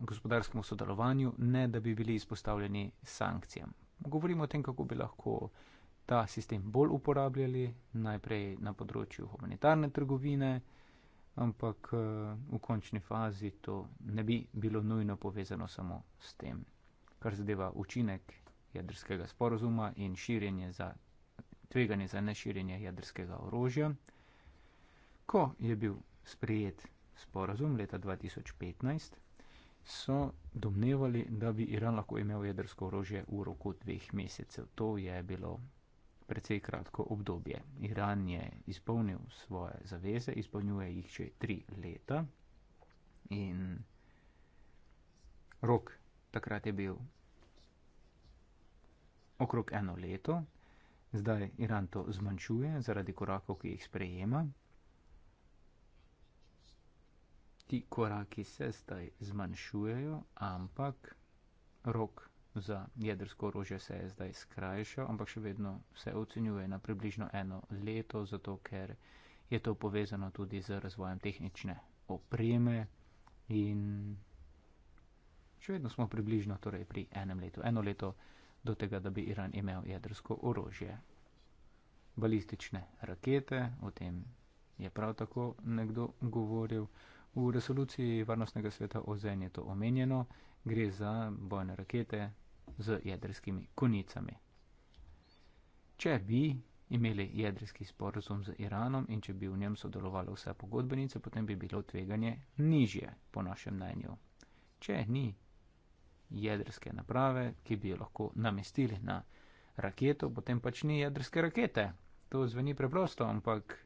gospodarskemu sodelovanju, ne da bi bili izpostavljeni sankcijam. Govorimo o tem, kako bi lahko ta sistem bolj uporabljali, najprej na področju humanitarne trgovine, ampak v končni fazi to ne bi bilo nujno povezano samo s tem, kar zadeva učinek jedrskega sporozuma in širjenje za tveganje za neširjenje jedrskega orožja, ko je bil sprejet sporazum leta 2015, so domnevali, da bi Iran lahko imel jedrsko orožje v roku dveh mesecev. To je bilo precej kratko obdobje. Iran je izpolnil svoje zaveze, izpolnjuje jih že tri leta in rok takrat je bil okrog eno leto. Zdaj Iran to zmanjšuje zaradi korakov, ki jih sprejema, ti koraki se zdaj zmanjšujejo, ampak rok za jedrsko orožje se je zdaj skrajšal, ampak še vedno se ocenjuje na približno eno leto, zato ker je to povezano tudi z razvojem tehnične opreme in še vedno smo približno torej pri enem letu, eno leto do tega, da bi Iran imel jedrsko orožje. Balistične rakete, o tem je prav tako nekdo govoril. V resoluciji Varnostnega sveta OZN je to omenjeno, gre za bojne rakete z jedrskimi konicami. Če bi imeli jedrski sporozum z Iranom in če bi v njem sodelovali vse pogodbenice, potem bi bilo tveganje nižje, po našem mnenju. Če ni jedrske naprave, ki bi jo lahko namestili na raketo, potem pač ni jedrske rakete. To zveni preprosto, ampak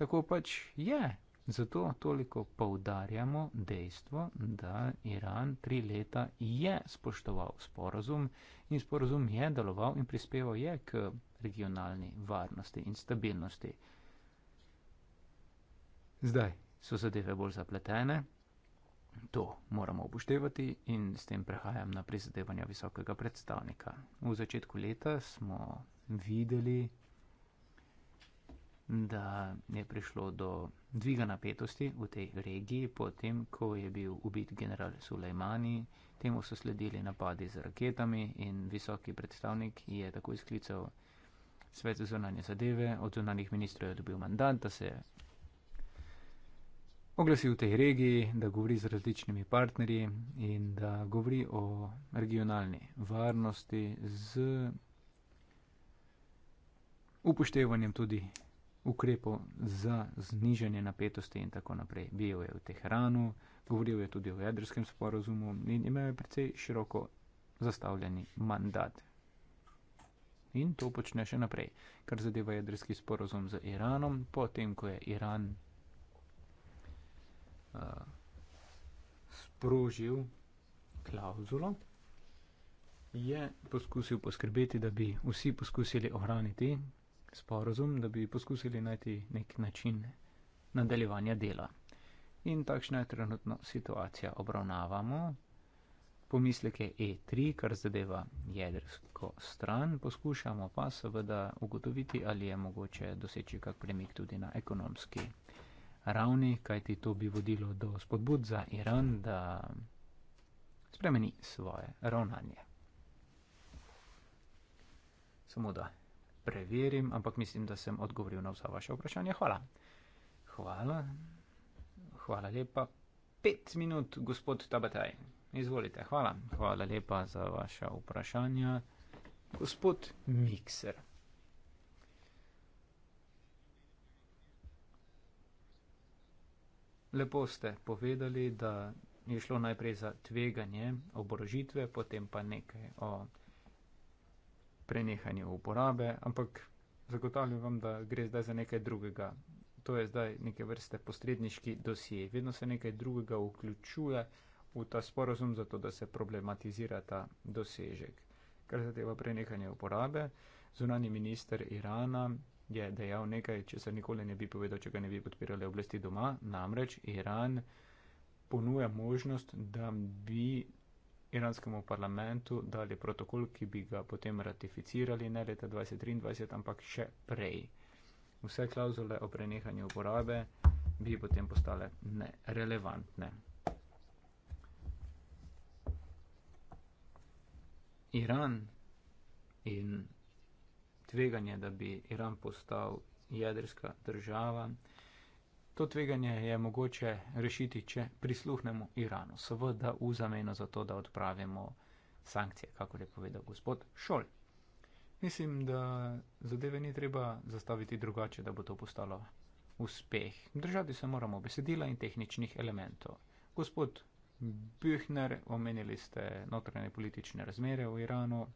tako pač je. Zato toliko poudarjamo dejstvo, da Iran tri leta je spoštoval sporozum in sporozum je deloval in prispeval je k regionalni varnosti in stabilnosti. Zdaj so zadeve bolj zapletene, to moramo upoštevati in s tem prehajam na prizadevanja visokega predstavnika. V začetku leta smo videli da je prišlo do dviga napetosti v tej regiji, potem ko je bil ubit general Sulejmani, temu so sledili napadi z raketami in visoki predstavnik je tako izklical svet zunanje zadeve, od zunanih ministrov je dobil mandat, da se oglasi v tej regiji, da govori z različnimi partnerji in da govori o regionalni varnosti z upoštevanjem tudi ukrepov za znižanje napetosti in tako naprej. Bil je v Teheranu, govoril je tudi o jedrskem sporozumu in imel je precej široko zastavljeni mandat. In to počne še naprej, kar zadeva jedrski sporozum z Iranom, potem ko je Iran uh, sprožil klauzulo, je poskusil poskrbeti, da bi vsi poskusili ohraniti sporozum, da bi poskusili najti nek način nadaljevanja dela. In takšna je trenutno situacija. Obravnavamo pomisleke E3, kar zadeva jedrsko stran, poskušamo pa seveda ugotoviti, ali je mogoče doseči kak premik tudi na ekonomski ravni, kajti to bi vodilo do spodbud za Iran, da spremeni svoje ravnanje. Samo da preverim, ampak mislim, da sem odgovoril na vsa vaša vprašanja. Hvala. Hvala. Hvala lepa. Pet minut, gospod Tabataj. Izvolite. Hvala. Hvala lepa za vaša vprašanja. Gospod Mikser. Lepo ste povedali, da je šlo najprej za tveganje oborožitve, potem pa nekaj o prenehanje uporabe, ampak zagotavljam vam, da gre zdaj za nekaj drugega. To je zdaj neke vrste posredniški dosije. Vedno se nekaj drugega vključuje v ta sporozum, zato da se problematizira ta dosežek. Kar zadeva prenehanje uporabe, zunani minister Irana je dejal nekaj, če se nikoli ne bi povedal, če ga ne bi podpirali oblasti doma, namreč Iran ponuja možnost, da bi iranskemu parlamentu dali protokol, ki bi ga potem ratificirali ne leta 2023, ampak še prej. Vse klauzule o prenehanju uporabe bi potem postale nerelevantne. Iran in tveganje, da bi Iran postal jedrska država, To tveganje je mogoče rešiti, če prisluhnemo Iranu, seveda v zameno za to, da odpravimo sankcije, kako je povedal gospod Šol. Mislim, da zadeve ni treba zastaviti drugače, da bo to postalo uspeh. Držati se moramo besedila in tehničnih elementov. Gospod Bühner, omenili ste notranje politične razmere v Iranu,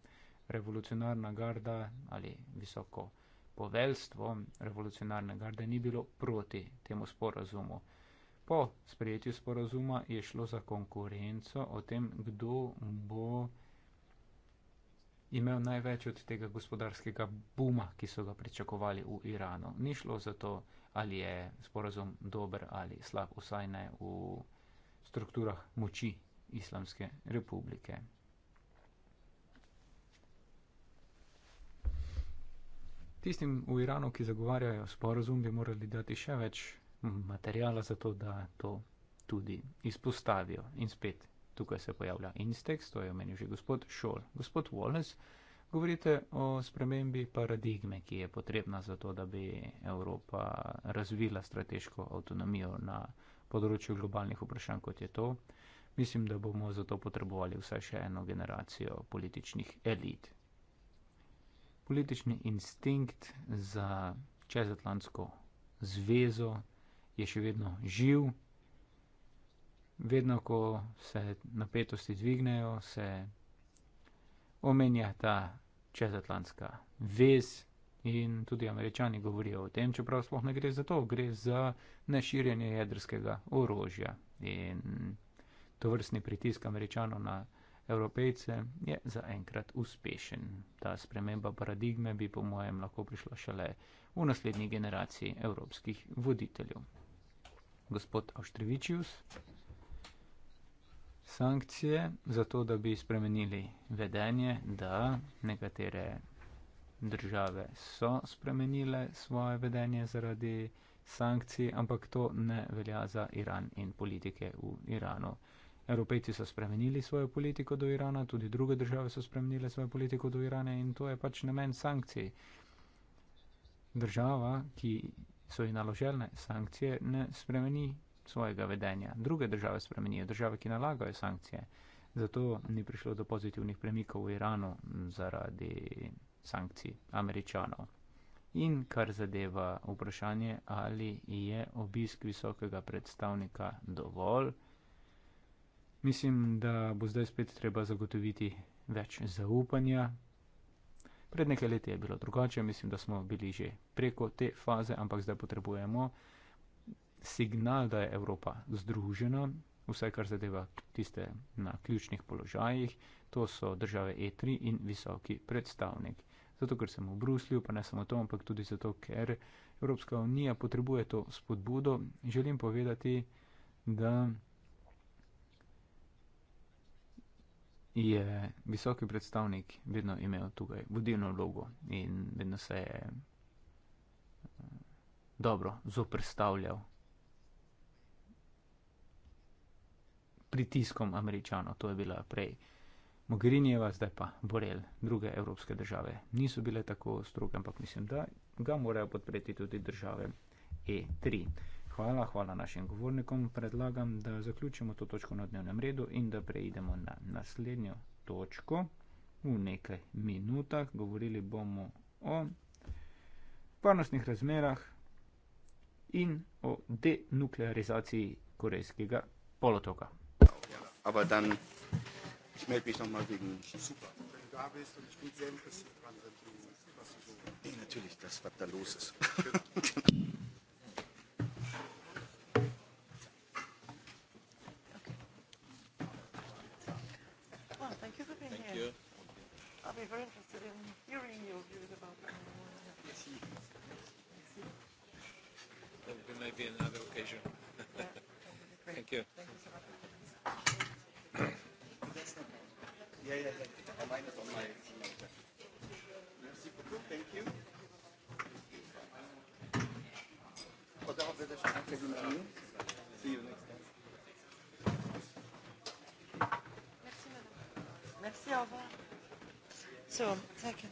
revolucionarna garda ali visoko poveljstvo revolucionarne garde ni bilo proti temu sporazumu. Po sprejetju sporazuma je šlo za konkurenco o tem, kdo bo imel največ od tega gospodarskega buma, ki so ga pričakovali v Iranu. Ni šlo za to, ali je sporazum dober ali slab, vsaj ne v strukturah moči Islamske republike. Tistim v Iranu, ki zagovarjajo sporozum, bi morali dati še več materijala za to, da to tudi izpostavijo. In spet tukaj se pojavlja Instex, to je omenil že gospod Šol. Gospod Wallace, govorite o spremembi paradigme, ki je potrebna za to, da bi Evropa razvila strateško avtonomijo na področju globalnih vprašanj, kot je to. Mislim, da bomo zato potrebovali vsaj še eno generacijo političnih elit, Politični instinkt za čezatlantsko zvezo je še vedno živ. Vedno, ko se napetosti dvignejo, se omenja ta čezatlantska vez in tudi američani govorijo o tem, čeprav sploh ne gre za to, gre za neširjenje jedrskega orožja in to vrstni pritisk američanov na evropejce, je zaenkrat uspešen. Ta sprememba paradigme bi po mojem lahko prišla šele v naslednji generaciji evropskih voditeljev. Gospod Avštrevičius, sankcije za to, da bi spremenili vedenje, da nekatere države so spremenile svoje vedenje zaradi sankcij, ampak to ne velja za Iran in politike v Iranu. Evropejci so spremenili svojo politiko do Irana, tudi druge države so spremenile svojo politiko do Irana in to je pač namen sankcij. Država, ki so ji naložene sankcije, ne spremeni svojega vedenja. Druge države spremenijo, države, ki nalagajo sankcije. Zato ni prišlo do pozitivnih premikov v Iranu zaradi sankcij američanov. In kar zadeva vprašanje, ali je obisk visokega predstavnika dovolj, Mislim, da bo zdaj spet treba zagotoviti več zaupanja. Pred nekaj leti je bilo drugače, mislim, da smo bili že preko te faze, ampak zdaj potrebujemo signal, da je Evropa združena, vse kar zadeva tiste na ključnih položajih, to so države E3 in visoki predstavnik. Zato, ker sem v Bruslju, pa ne samo to, ampak tudi zato, ker Evropska unija potrebuje to spodbudo, želim povedati, da. je visoki predstavnik vedno imel tukaj vodilno vlogo in vedno se je eh, dobro zoprstavljal pritiskom američanov. To je bila prej Mogherinijeva, zdaj pa Borel. Druge evropske države niso bile tako stroge, ampak mislim, da ga morajo podpreti tudi države E3. Hvala, hvala našim govornikom. Predlagam, da zaključimo to točko na dnevnem redu in da preidemo na naslednjo točko v nekaj minutah. Govorili bomo o varnostnih razmerah in o denuklearizaciji korejskega polotoka. Aber dann ich melde mich nochmal wegen. Super, wenn du da bist und ich bin sehr interessiert dran, was du so. Nee, natürlich, das, was da los ist. Genau. Thank you. I'll be very interested in hearing your views about that. There may be another occasion. Yeah. That would be great. Thank you. Thank you so much. That's not mine. Yeah, yeah. Mine is on my desk. Merci beaucoup. Thank you. Thank you. See you next time. Ja, so thank you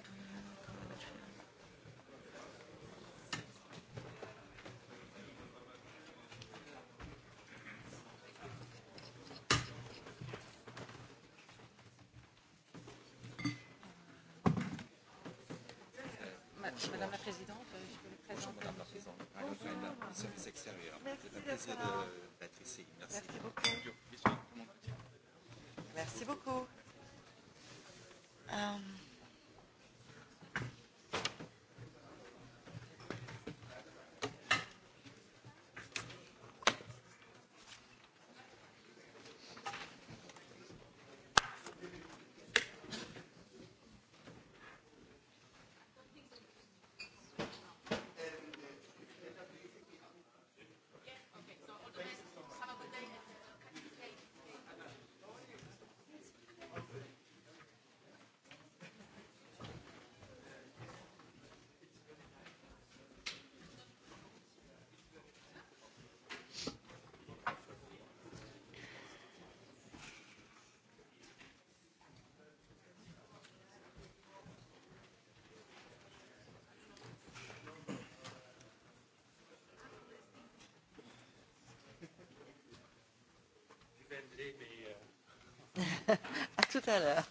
Ben Dreh, mais. Euh... à tout à l'heure.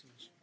Gott zu wünschen.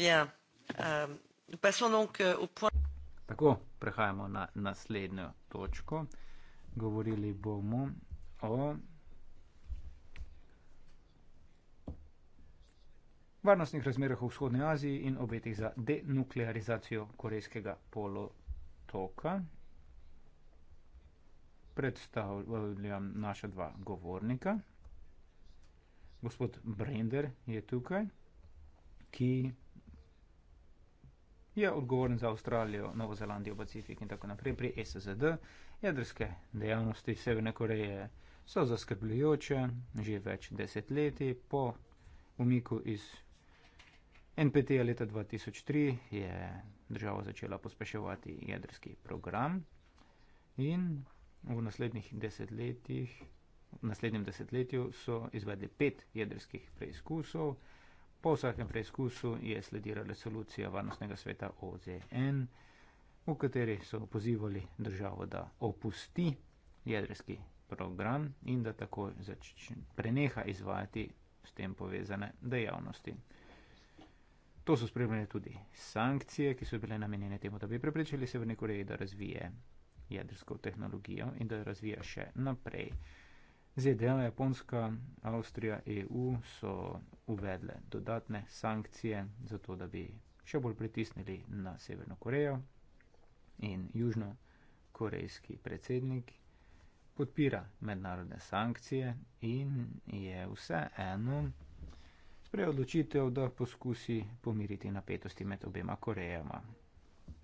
Euh, euh, Tako, prehajamo na naslednjo točko. Govorili bomo o varnostnih razmerah v vzhodnji Aziji in obetih za denuklearizacijo korejskega polotoka. Predstavljam naša dva govornika. Gospod Brender je tukaj, ki je odgovoren za Avstralijo, Novo Zelandijo, Pacifik in tako naprej, pri SZD. Jedrske dejavnosti Severne Koreje so zaskrbljujoče že več desetletij. Po umiku iz NPT-ja leta 2003 je država začela pospeševati jedrski program in v naslednjih desetletjih. V naslednjem desetletju so izvedli pet jedrskih preizkusov, Po vsakem preizkusu je sledila resolucija Varnostnega sveta OZN, v kateri so pozivali državo, da opusti jedrski program in da tako preneha izvajati s tem povezane dejavnosti. To so spremljene tudi sankcije, ki so bile namenjene temu, da bi preprečili Severni Koreji, da razvije jedrsko tehnologijo in da jo razvija še naprej. ZDA, Japonska, Avstrija, EU so uvedle dodatne sankcije za to, da bi še bolj pritisnili na Severno Korejo in južnokorejski predsednik podpira mednarodne sankcije in je vse eno sprejel odločitev, da poskusi pomiriti napetosti med obema Korejama.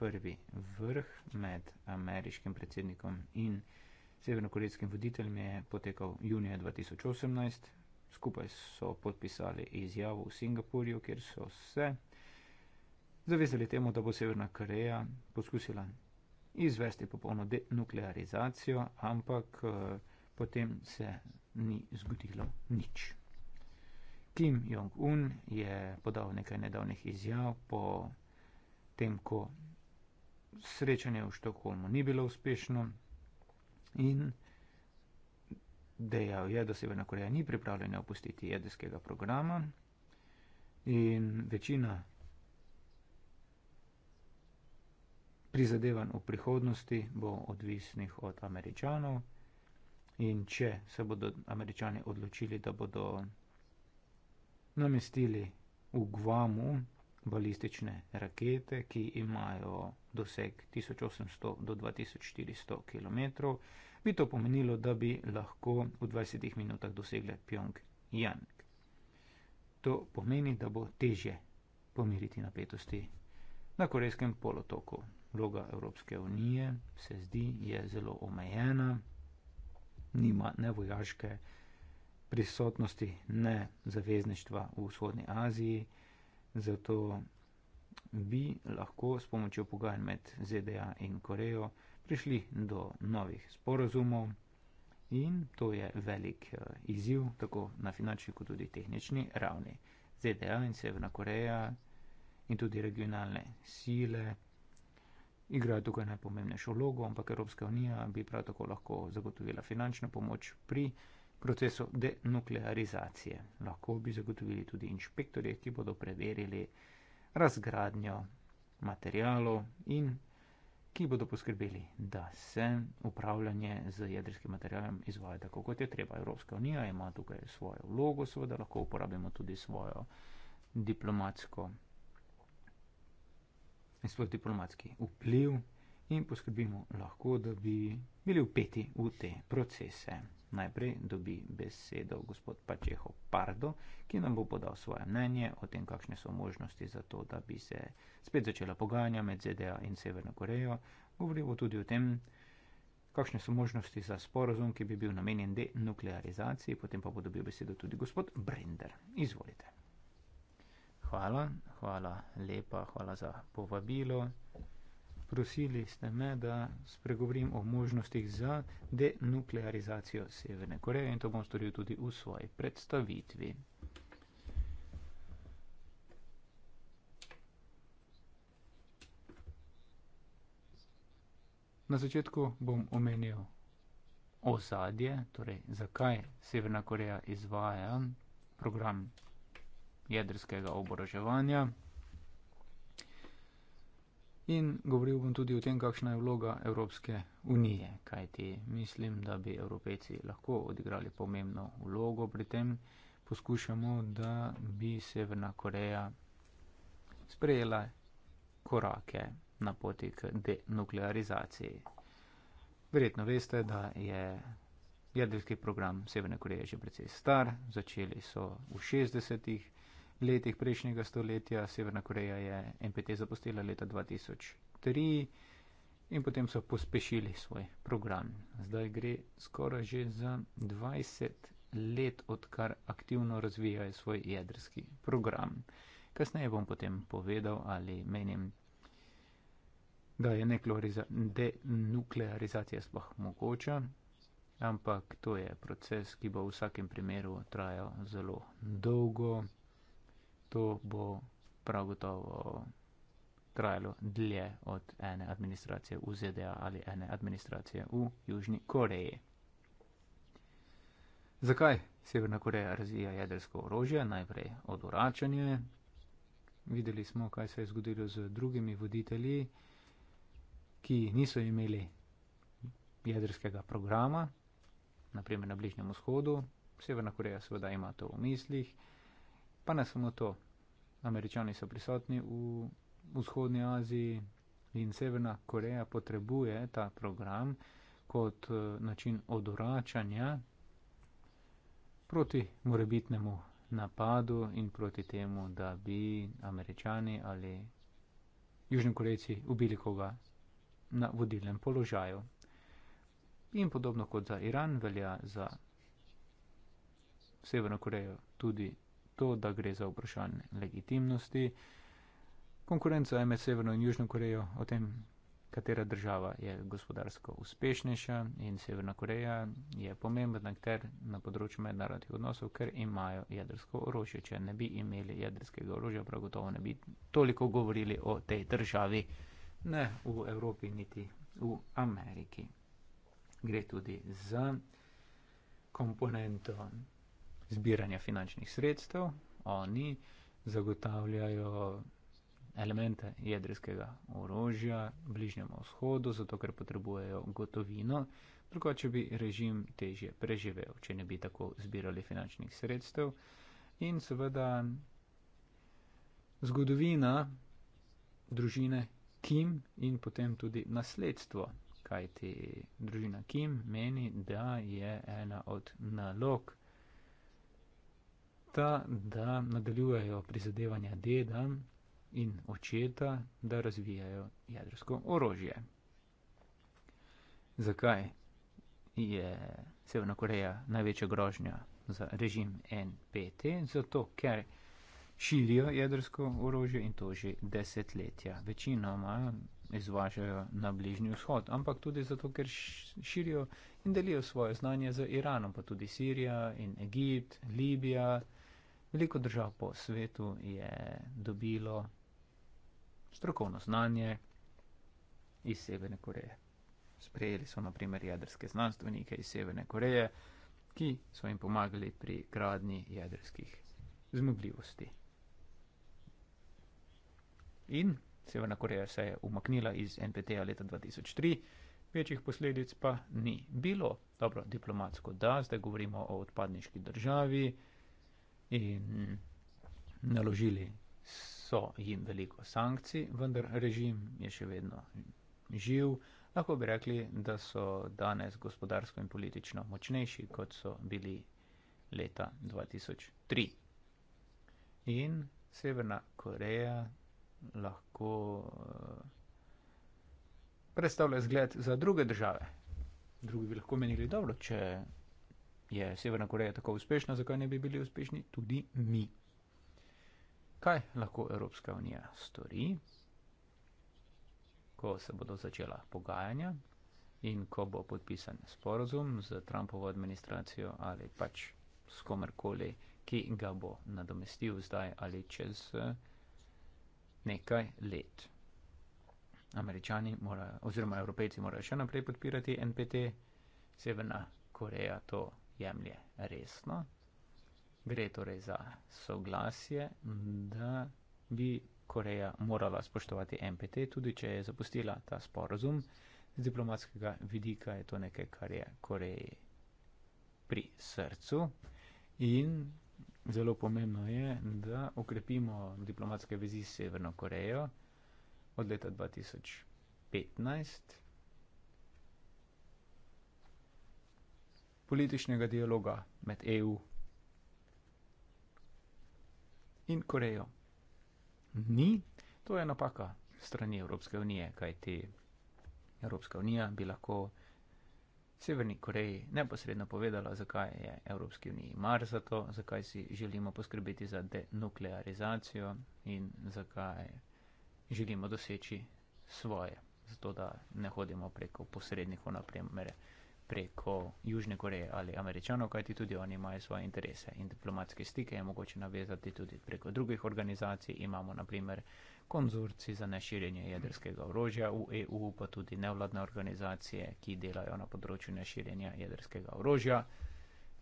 Prvi vrh med ameriškim predsednikom in Japonskim severnokorejskim voditeljem je potekal junija 2018. Skupaj so podpisali izjavo v Singapurju, kjer so se zavezali temu, da bo Severna Koreja poskusila izvesti popolno denuklearizacijo, ampak eh, potem se ni zgodilo nič. Kim Jong-un je podal nekaj nedavnih izjav po tem, ko srečanje v Štokholmu ni bilo uspešno in dejal je, da Severna Koreja ni pripravljena opustiti jedrskega programa in večina prizadevanj v prihodnosti bo odvisnih od američanov in če se bodo američani odločili, da bodo namestili v Guamu balistične rakete, ki imajo doseg 1800 do 2400 km, bi to pomenilo, da bi lahko v 20 minutah dosegle Pjongjang. To pomeni, da bo težje pomiriti napetosti na Korejskem polotoku. Vloga Evropske unije se zdi je zelo omejena, nima ne vojaške prisotnosti, ne zavezništva v vzhodni Aziji, Zato bi lahko s pomočjo pogajanj med ZDA in Korejo prišli do novih sporozumov in to je velik eh, izziv, tako na finančni kot tudi tehnični ravni. ZDA in Severna Koreja in tudi regionalne sile igrajo tukaj najpomembnejšo vlogo, ampak Evropska unija bi prav tako lahko zagotovila finančno pomoč pri procesu denuklearizacije. Lahko bi zagotovili tudi inšpektorje, ki bodo preverili razgradnjo materijalov in ki bodo poskrbeli, da se upravljanje z jedrskim materijalom izvaja tako, kot je treba. Evropska unija ima tukaj svojo vlogo, seveda lahko uporabimo tudi svojo diplomatsko in svoj diplomatski vpliv in poskrbimo lahko, da bi bili upeti v te procese. Najprej dobi besedo gospod Pačeho Pardo, ki nam bo podal svoje mnenje o tem, kakšne so možnosti za to, da bi se spet začela pogajanja med ZDA in Severno Korejo. Govoril bo tudi o tem, kakšne so možnosti za sporozum, ki bi bil namenjen denuklearizaciji, potem pa bo dobil besedo tudi gospod Brender. Izvolite. Hvala, hvala lepa, hvala za povabilo prosili ste me, da spregovorim o možnostih za denuklearizacijo Severne Koreje in to bom storil tudi v svoji predstavitvi. Na začetku bom omenil ozadje, torej zakaj Severna Koreja izvaja program jedrskega oboroževanja in govoril bom tudi o tem, kakšna je vloga Evropske unije, kajti mislim, da bi evropejci lahko odigrali pomembno vlogo pri tem, poskušamo, da bi Severna Koreja sprejela korake na poti k denuklearizaciji. Verjetno veste, da je jedrski program Severne Koreje že precej star, začeli so v 60-ih, letih prejšnjega stoletja. Severna Koreja je NPT zapustila leta 2003 in potem so pospešili svoj program. Zdaj gre skoraj že za 20 let, odkar aktivno razvijajo svoj jedrski program. Kasneje bom potem povedal, ali menim, da je denuklearizacija sploh mogoča, ampak to je proces, ki bo v vsakem primeru trajal zelo dolgo to bo prav gotovo trajalo dlje od ene administracije v ZDA ali ene administracije v Južni Koreji. Zakaj Severna Koreja razvija jedrsko orožje? Najprej odvračanje. Videli smo, kaj se je zgodilo z drugimi voditelji, ki niso imeli jedrskega programa, naprimer na Bližnjem vzhodu. Severna Koreja seveda ima to v mislih pa ne samo to. Američani so prisotni v vzhodnji Aziji in Severna Koreja potrebuje ta program kot eh, način odvračanja proti morebitnemu napadu in proti temu, da bi američani ali južni korejci ubili koga na vodilnem položaju. In podobno kot za Iran velja za Severno Korejo tudi to, da gre za vprašanje legitimnosti. Konkurenca je med Severno in Južno Korejo o tem, katera država je gospodarsko uspešnejša in Severna Koreja je pomembna ter na področju mednarodnih odnosov, ker imajo jedrsko orožje. Če ne bi imeli jedrskega orožja, prav gotovo ne bi toliko govorili o tej državi, ne v Evropi, niti v Ameriki. Gre tudi za komponento zbiranja finančnih sredstev, oni zagotavljajo elemente jedrskega orožja bližnjemu vzhodu, zato ker potrebujejo gotovino, drugače bi režim težje preživel, če ne bi tako zbirali finančnih sredstev. In seveda zgodovina družine Kim in potem tudi nasledstvo, kajti družina Kim meni, da je ena od nalog ta, da nadaljujejo prizadevanja deda in očeta, da razvijajo jedrsko orožje. Zakaj je Severna Koreja največja grožnja za režim NPT? Zato, ker širijo jedrsko orožje in to že desetletja. Večinoma izvažajo na Bližnji vzhod, ampak tudi zato, ker širijo in delijo svoje znanje z Iranom, pa tudi Sirija in Egipt, Libija. Veliko držav po svetu je dobilo strokovno znanje iz Severne Koreje. Sprejeli so naprimer jedrske znanstvenike iz Severne Koreje, ki so jim pomagali pri gradnji jedrskih zmogljivosti. In Severna Koreja se je umaknila iz NPT-ja leta 2003. Večjih posledic pa ni bilo. Dobro, diplomatsko da, zdaj govorimo o odpadniški državi, in naložili so jim veliko sankcij, vendar režim je še vedno živ. Lahko bi rekli, da so danes gospodarsko in politično močnejši, kot so bili leta 2003. In Severna Koreja lahko eh, predstavlja zgled za druge države. Drugi bi lahko menili dobro, če je Severna Koreja tako uspešna, zakaj ne bi bili uspešni tudi mi? Kaj lahko Evropska unija stori, ko se bodo začela pogajanja in ko bo podpisan sporozum z Trumpovo administracijo ali pač s komerkoli, ki ga bo nadomestil zdaj ali čez nekaj let? Američani morajo, oziroma Evropejci morajo še naprej podpirati NPT, Severna Koreja to jemlje resno. Gre torej za soglasje, da bi Koreja morala spoštovati NPT, tudi če je zapustila ta sporozum. Z diplomatskega vidika je to nekaj, kar je Koreji pri srcu. In zelo pomembno je, da ukrepimo diplomatske vezi s Severno Korejo od leta 2015. političnega dialoga med EU in Korejo. Ni, to je napaka strani Evropske unije, kaj ti Evropska unija bi lahko Severni Koreji neposredno povedala, zakaj je Evropski uniji mar za to, zakaj si želimo poskrbeti za denuklearizacijo in zakaj želimo doseči svoje, zato da ne hodimo preko posrednikov na primer preko Južne Koreje ali Američanov, kajti tudi oni imajo svoje interese in diplomatske stike je mogoče navezati tudi preko drugih organizacij. Imamo naprimer konzurci za neširjenje jedrskega orožja v EU, pa tudi nevladne organizacije, ki delajo na področju neširjenja jedrskega orožja.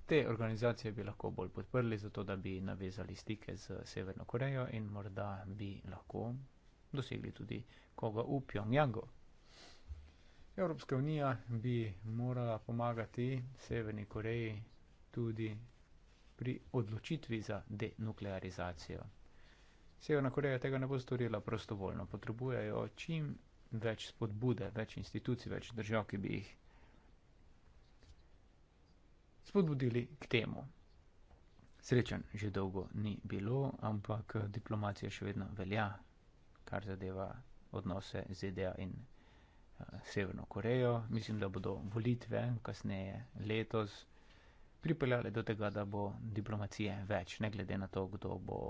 Te organizacije bi lahko bolj podprli, zato da bi navezali stike z Severno Korejo in morda bi lahko dosegli tudi koga v Pjongjangu. Evropska unija bi morala pomagati Severni Koreji tudi pri odločitvi za denuklearizacijo. Severna Koreja tega ne bo storila prostovoljno. Potrebujejo čim več spodbude, več institucij, več držav, ki bi jih spodbudili k temu. Srečen že dolgo ni bilo, ampak eh, diplomacija še vedno velja, kar zadeva odnose ZDA in Evropske unije. Severno Korejo. Mislim, da bodo volitve kasneje letos pripeljale do tega, da bo diplomacije več, ne glede na to, kdo bo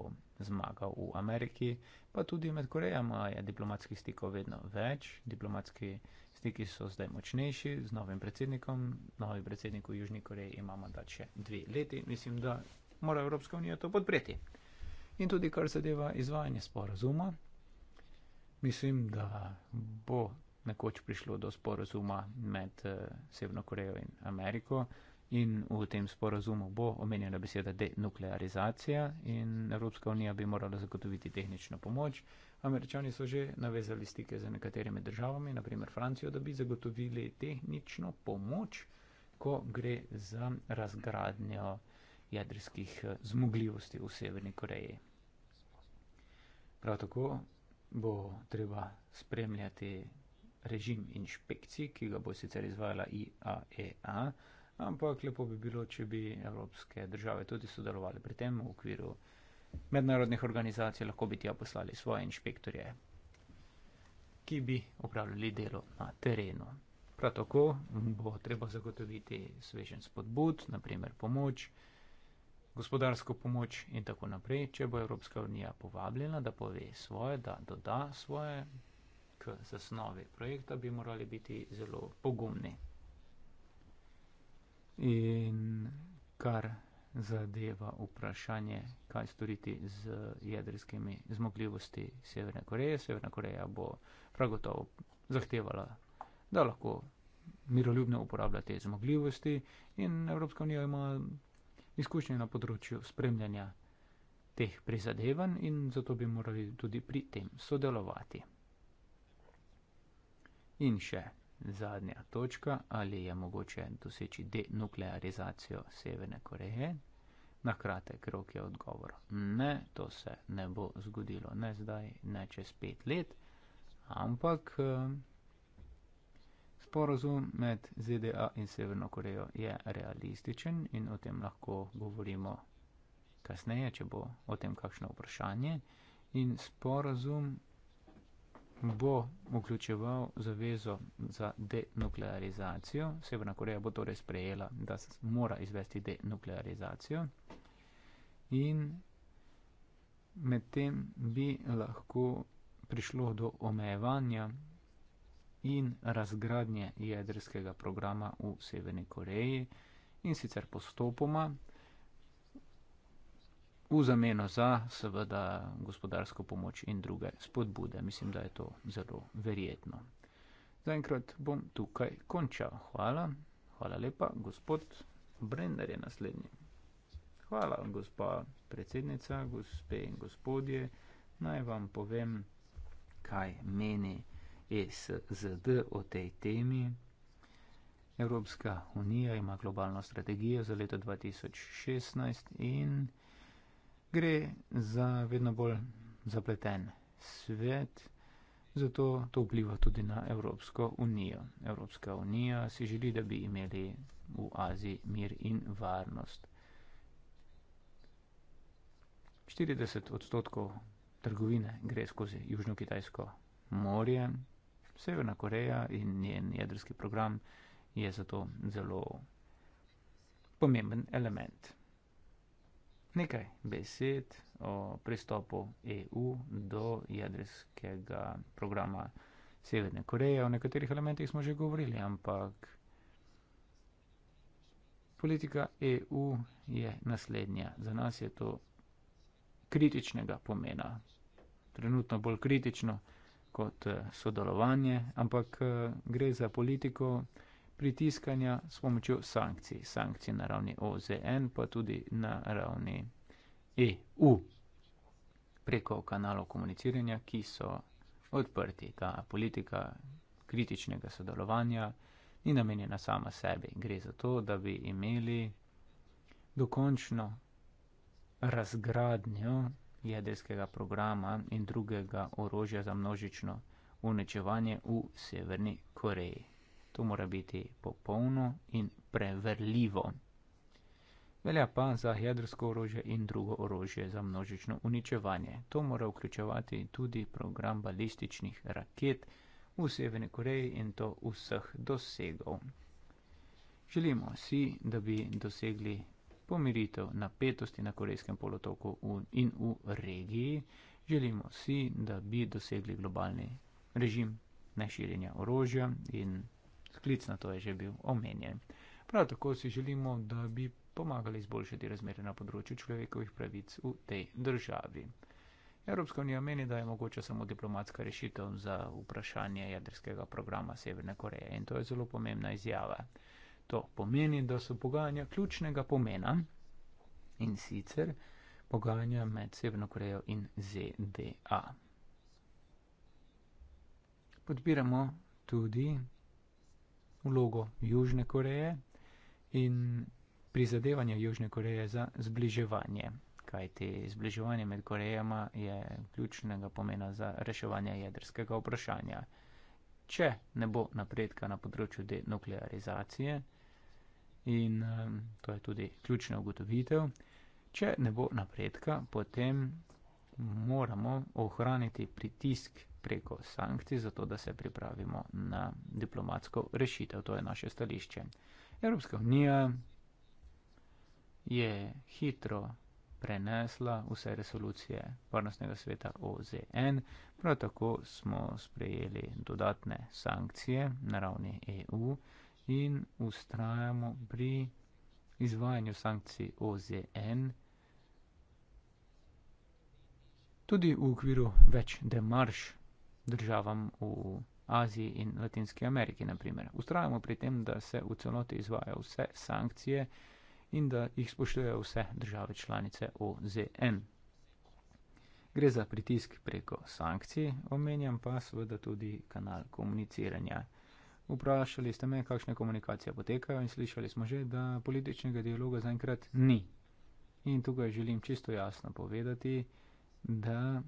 zmagal v Ameriki. Pa tudi med Korejama je diplomatskih stikov vedno več. Diplomatski stiki so zdaj močnejši z novim predsednikom. Novi predsednik v Južni Koreji imamo da še dve leti. Mislim, da mora Evropska unija to podpreti. In tudi kar zadeva izvajanje sporazuma. Mislim, da bo nekoč prišlo do sporazuma med uh, Severno Korejo in Ameriko in v tem sporazumu bo omenjena beseda denuklearizacija in Evropska unija bi morala zagotoviti tehnično pomoč. Američani so že navezali stike z nekaterimi državami, naprimer Francijo, da bi zagotovili tehnično pomoč, ko gre za razgradnjo jedrskih eh, zmogljivosti v Severni Koreji. Prav tako bo treba spremljati režim inšpekcij, ki ga bo sicer izvajala IAEA, e ampak lepo bi bilo, če bi evropske države tudi sodelovali pri tem v okviru mednarodnih organizacij, lahko bi tja poslali svoje inšpektorje, ki bi upravljali delo na terenu. Prav tako bo treba zagotoviti svežen spodbud, naprimer pomoč, gospodarsko pomoč in tako naprej, če bo Evropska unija povabljena, da pove svoje, da doda svoje k zasnovi projekta, bi morali biti zelo pogumni. In kar zadeva vprašanje, kaj storiti z jedrskimi zmogljivosti Severne Koreje. Severna Koreja bo prav gotovo zahtevala, da lahko miroljubno uporablja te zmogljivosti in Evropska unija ima izkušnje na področju spremljanja teh prizadevanj in zato bi morali tudi pri tem sodelovati. In še zadnja točka, ali je mogoče doseči denuklearizacijo Severne Koreje. Na kratek rok je odgovor ne, to se ne bo zgodilo ne zdaj, ne čez pet let, ampak eh, sporozum med ZDA in Severno Korejo je realističen in o tem lahko govorimo kasneje, če bo o tem kakšno vprašanje. In sporozum bo vključeval zavezo za denuklearizacijo. Severna Koreja bo torej sprejela, da mora izvesti denuklearizacijo. In medtem bi lahko prišlo do omejevanja in razgradnje jedrskega programa v Severni Koreji in sicer postopoma, v zameno za seveda gospodarsko pomoč in druge spodbude. Mislim, da je to zelo verjetno. Zaenkrat bom tukaj končal. Hvala. Hvala lepa, gospod Brenner je naslednji. Hvala, gospa predsednica, gospe in gospodje. Naj vam povem, kaj meni e SZD o tej temi. Evropska unija ima globalno strategijo za leto 2016 in gre za vedno bolj zapleten svet, zato to vpliva tudi na Evropsko unijo. Evropska unija si želi, da bi imeli v Aziji mir in varnost. 40 odstotkov trgovine gre skozi Južno Kitajsko morje. Severna Koreja in njen jedrski program je zato zelo pomemben element nekaj besed o pristopu EU do jedrskega programa Severne Koreje. O nekaterih elementih smo že govorili, ampak politika EU je naslednja. Za nas je to kritičnega pomena. Trenutno bolj kritično kot eh, sodelovanje, ampak eh, gre za politiko, pritiskanja s pomočjo sankcij. Sankcije na ravni OZN, pa tudi na ravni EU preko kanalov komuniciranja, ki so odprti. Ta politika kritičnega sodelovanja ni namenjena sama sebi. Gre za to, da bi imeli dokončno razgradnjo jedrskega programa in drugega orožja za množično uničevanje v Severni Koreji. To mora biti popolno in preverljivo. Velja pa za jedrsko orožje in drugo orožje za množično uničevanje. To mora vključevati tudi program balističnih raket v Severni Koreji in to vseh dosegov. Želimo si, da bi dosegli pomiritev napetosti na Korejskem polotoku in v regiji. Želimo si, da bi dosegli globalni režim neširjenja orožja in sklic na to je že bil omenjen. Prav tako si želimo, da bi pomagali izboljšati razmere na področju človekovih pravic v tej državi. Evropska unija meni, da je mogoče samo diplomatska rešitev za vprašanje jedrskega programa Severne Koreje in to je zelo pomembna izjava. To pomeni, da so pogajanja ključnega pomena in sicer pogajanja med Severno Korejo in ZDA. Podpiramo tudi vlogo Južne Koreje in prizadevanje Južne Koreje za zbliževanje. Kaj ti zbliževanje med Korejama je ključnega pomena za reševanje jedrskega vprašanja. Če ne bo napredka na področju denuklearizacije, in um, to je tudi ključna ugotovitev, če ne bo napredka, potem moramo ohraniti pritisk preko sankcij, zato da se pripravimo na diplomatsko rešitev. To je naše stališče. Evropska unija je hitro prenesla vse resolucije Varnostnega sveta OZN, prav tako smo sprejeli dodatne sankcije na ravni EU in ustrajamo pri izvajanju sankcij OZN. tudi v okviru več demarš državam v Aziji in Latinski Ameriki. Naprimer. Ustrajamo pri tem, da se v celoti izvajo vse sankcije in da jih spoštujejo vse države članice OZN. Gre za pritisk preko sankcij, omenjam pa seveda tudi kanal komuniciranja. Vprašali ste me, kakšne komunikacije potekajo in slišali smo že, da političnega dialoga zaenkrat ni. In tukaj želim čisto jasno povedati, da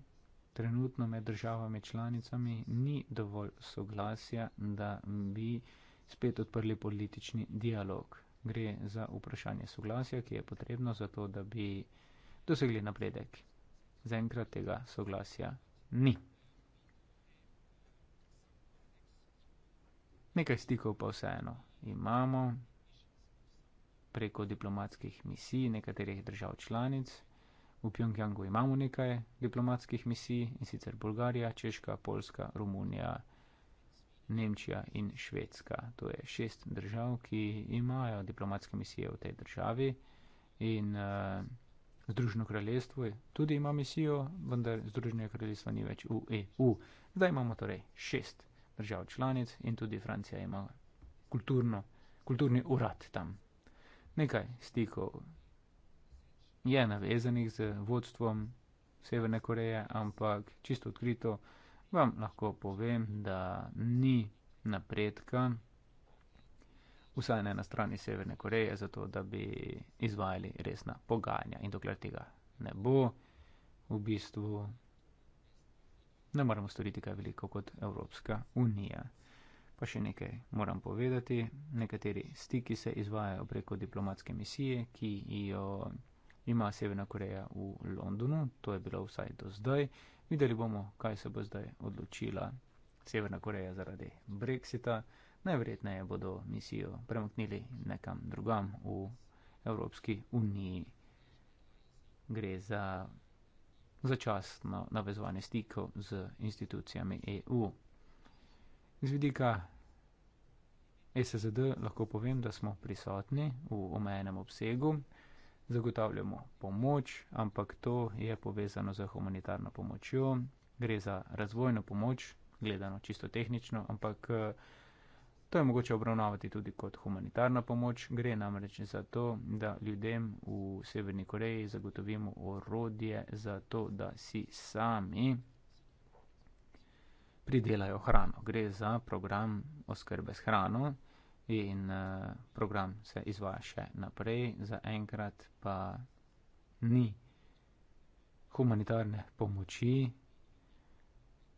trenutno med državami članicami ni dovolj soglasja, da bi spet odprli politični dialog. Gre za vprašanje soglasja, ki je potrebno za to, da bi dosegli napredek. Zaenkrat tega soglasja ni. Nekaj stikov pa vseeno imamo preko diplomatskih misij nekaterih držav članic v Pjongjangu imamo nekaj diplomatskih misij in sicer Bolgarija, Češka, Poljska, Romunija, Nemčija in Švedska. To je šest držav, ki imajo diplomatske misije v tej državi in uh, Združeno kraljestvo tudi ima misijo, vendar Združeno kraljestvo ni več v EU. Zdaj imamo torej šest držav članic in tudi Francija ima kulturno, kulturni urad tam. Nekaj stikov je navezanih z vodstvom Severne Koreje, ampak čisto odkrito vam lahko povem, da ni napredka, vsaj ne na strani Severne Koreje, zato da bi izvajali resna pogajanja. In dokler tega ne bo, v bistvu ne moremo storiti kaj veliko kot Evropska unija. Pa še nekaj moram povedati. Nekateri stiki se izvajajo preko diplomatske misije, ki jo ima Severna Koreja v Londonu, to je bilo vsaj do zdaj. Videli bomo, kaj se bo zdaj odločila Severna Koreja zaradi Brexita. Najverjetneje bodo misijo premaknili nekam drugam v Evropski uniji. Gre za začasno navezovanje stikov z institucijami EU. Z vidika SSD lahko povem, da smo prisotni v omejenem obsegu zagotavljamo pomoč, ampak to je povezano z humanitarno pomočjo. Gre za razvojno pomoč, gledano čisto tehnično, ampak eh, to je mogoče obravnavati tudi kot humanitarna pomoč. Gre namreč za to, da ljudem v Severni Koreji zagotovimo orodje za to, da si sami pridelajo hrano. Gre za program oskrbe s hrano in uh, program se izvaja še naprej, zaenkrat pa ni humanitarne pomoči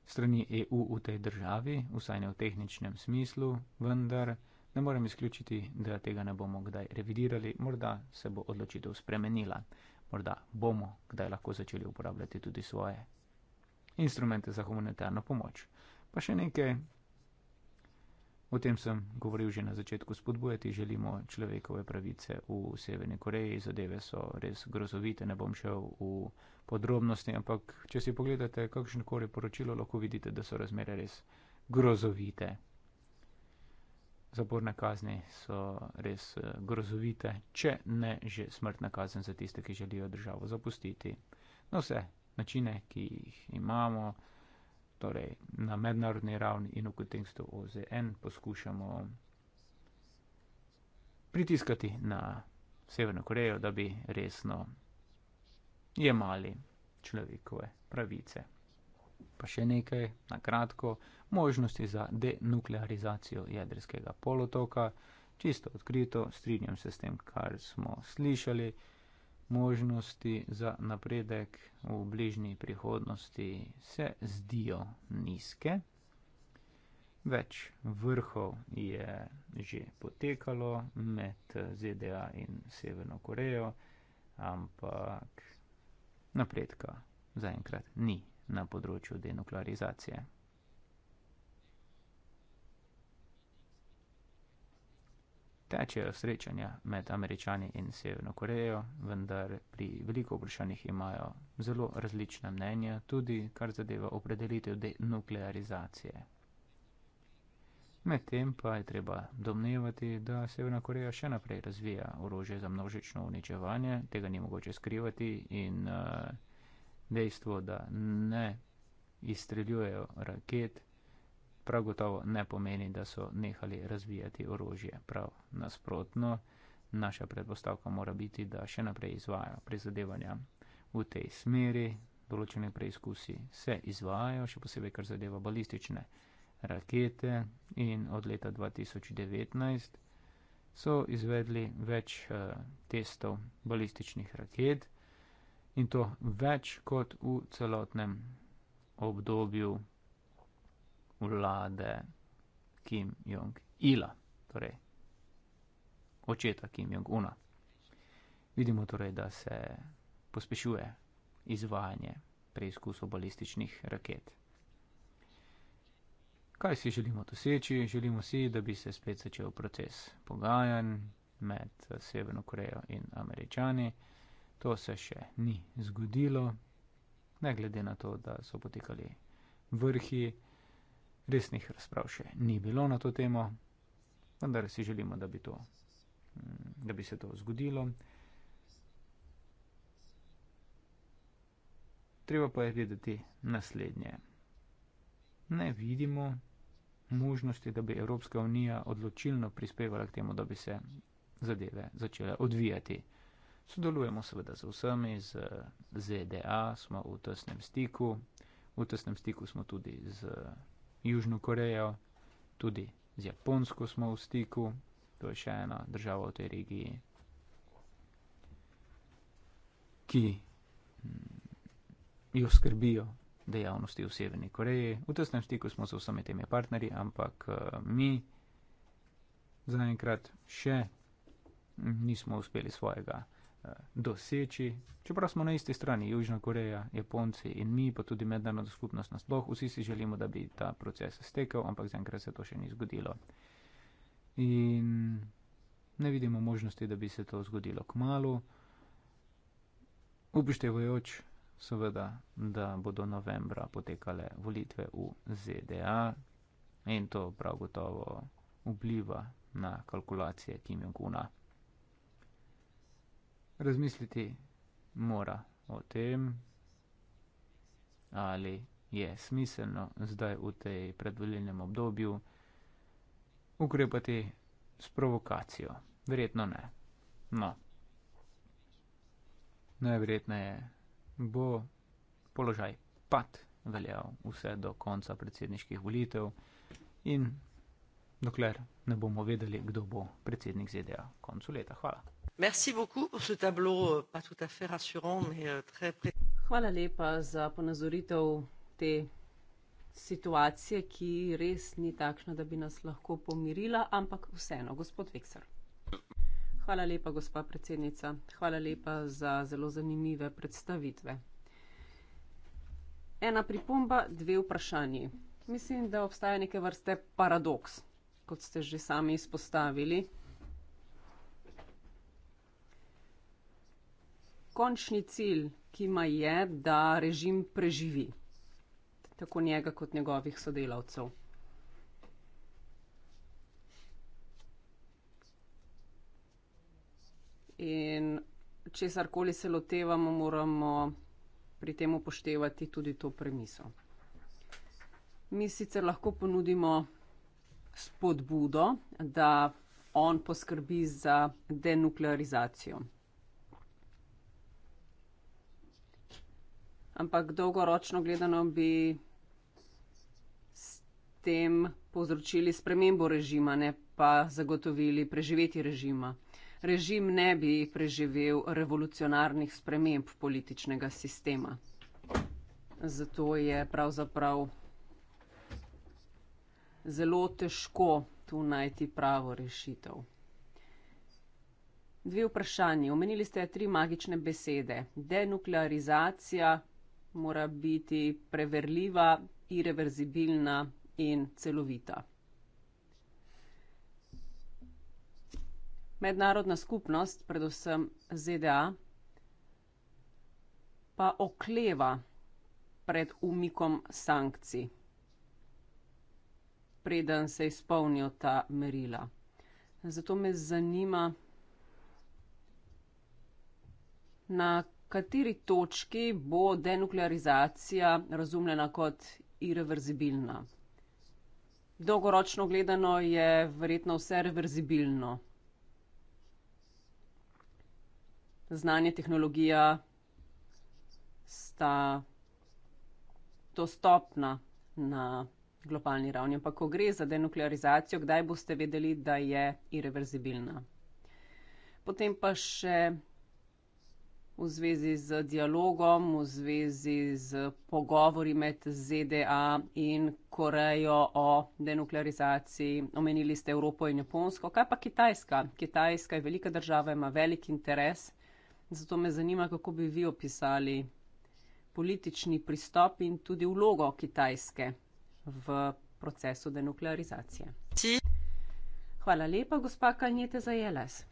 strani EU v tej državi, vsaj ne v tehničnem smislu, vendar ne morem izključiti, da tega ne bomo kdaj revidirali, morda se bo odločitev spremenila, morda bomo kdaj lahko začeli uporabljati tudi svoje instrumente za humanitarno pomoč. Pa še nekaj, O tem sem govoril že na začetku. Spodbujati želimo človekove pravice v Severni Koreji. Zadeve so res grozovite, ne bom šel v podrobnosti, ampak če si pogledate kakšnokoli poročilo, lahko vidite, da so razmere res grozovite. Zaporne kazni so res eh, grozovite, če ne že smrtna kazen za tiste, ki želijo državo zapustiti. No vse, načine, ki jih imamo torej na mednarodni ravni in v kontekstu OZN poskušamo pritiskati na Severno Korejo, da bi resno jemali človekove pravice. Pa še nekaj, na kratko, možnosti za denuklearizacijo jedrskega polotoka. Čisto odkrito, strinjam se s tem, kar smo slišali možnosti za napredek v bližnji prihodnosti se zdijo nizke. Več vrhov je že potekalo med ZDA in Severno Korejo, ampak napredka zaenkrat ni na področju denuklearizacije. tečejo srečanja med američani in Severno Korejo, vendar pri veliko vprašanjih imajo zelo različna mnenja, tudi kar zadeva opredelitev denuklearizacije. Medtem pa je treba domnevati, da Severna Koreja še naprej razvija orožje za množično uničevanje, tega ni mogoče skrivati in uh, dejstvo, da ne izstreljujejo raket, prav gotovo ne pomeni, da so nehali razvijati orožje. Prav nasprotno, naša predpostavka mora biti, da še naprej izvajo prizadevanja v tej smeri. Določene preizkusi se izvajo, še posebej kar zadeva balistične rakete in od leta 2019 so izvedli več uh, testov balističnih raket in to več kot v celotnem obdobju vlade Kim Jong-ila, torej očeta Kim Jong-una. Vidimo torej, da se pospešuje izvajanje preizkusov balističnih raket. Kaj si želimo doseči? Želimo si, da bi se spet začel proces pogajanj med Severno Korejo in Američani. To se še ni zgodilo, ne glede na to, da so potekali vrhi resnih razprav še ni bilo na to temo, vendar si želimo, da bi, to, mm, da bi se to zgodilo. Treba pa je vedeti naslednje. Ne vidimo možnosti, da bi Evropska unija odločilno prispevala k temu, da bi se zadeve začele odvijati. Sodelujemo seveda z vsemi, z ZDA smo v tesnem stiku, v tesnem stiku smo tudi z Južno Korejo, tudi z Japonsko smo v stiku, to je še ena država v tej regiji, ki mm, jo skrbijo dejavnosti v Severni Koreji. V tesnem stiku smo z vsemi temi partnerji, ampak eh, mi zaenkrat še nismo uspeli svojega. Eh, doseči. Čeprav smo na isti strani, Južna Koreja, Japonci in mi, pa tudi mednarodna skupnost nasploh, vsi si želimo, da bi ta proces stekel, ampak zaenkrat se to še ni zgodilo. In ne vidimo možnosti, da bi se to zgodilo k malu, upoštevajoč seveda, da bodo novembra potekale volitve v ZDA in to prav gotovo vpliva na kalkulacije Kim Jong-una razmisliti mora o tem, ali je smiselno zdaj v tej predvoljenem obdobju ukrepati s provokacijo. Verjetno ne. No. Najverjetneje bo položaj pad veljal vse do konca predsedniških volitev in dokler ne bomo vedeli, kdo bo predsednik ZDA koncu leta. Hvala. Euh, euh, Hvala lepa za ponazoritev te situacije, ki res ni takšna, da bi nas lahko pomirila, ampak vseeno, gospod Veksar. Hvala lepa, gospa predsednica. Hvala lepa za zelo zanimive predstavitve. Ena pripomba, dve vprašanji. Mislim, da obstaja neke vrste paradoks kot ste že sami izpostavili. Končni cilj Kima je, da režim preživi, tako njega kot njegovih sodelavcev. In česar koli se lotevamo, moramo pri tem upoštevati tudi to premiso. Mi sicer lahko ponudimo spodbudo, da on poskrbi za denuklearizacijo. Ampak dolgoročno gledano bi s tem povzročili spremembo režima, ne pa zagotovili preživeti režima. Režim ne bi preživel revolucionarnih sprememb političnega sistema. Zato je pravzaprav zelo težko tu najti pravo rešitev. Dve vprašanji. Omenili ste tri magične besede. Denuklearizacija mora biti preverljiva, irreverzibilna in celovita. Mednarodna skupnost, predvsem ZDA, pa okleva pred umikom sankcij preden se izpolnijo ta merila. Zato me zanima, na kateri točki bo denuklearizacija razumljena kot irreverzibilna. Dolgoročno gledano je verjetno vse reverzibilno. Znanje, tehnologija sta dostopna na globalni ravni. Ampak, ko gre za denuklearizacijo, kdaj boste vedeli, da je irreverzibilna? Potem pa še v zvezi z dialogom, v zvezi z pogovori med ZDA in Korejo o denuklearizaciji. Omenili ste Evropo in Japonsko. Kaj pa Kitajska? Kitajska je velika država, ima velik interes. Zato me zanima, kako bi vi opisali politični pristop in tudi vlogo Kitajske v procesu denuklearizacije. Hvala lepa, gospa Kanjete Zajeles.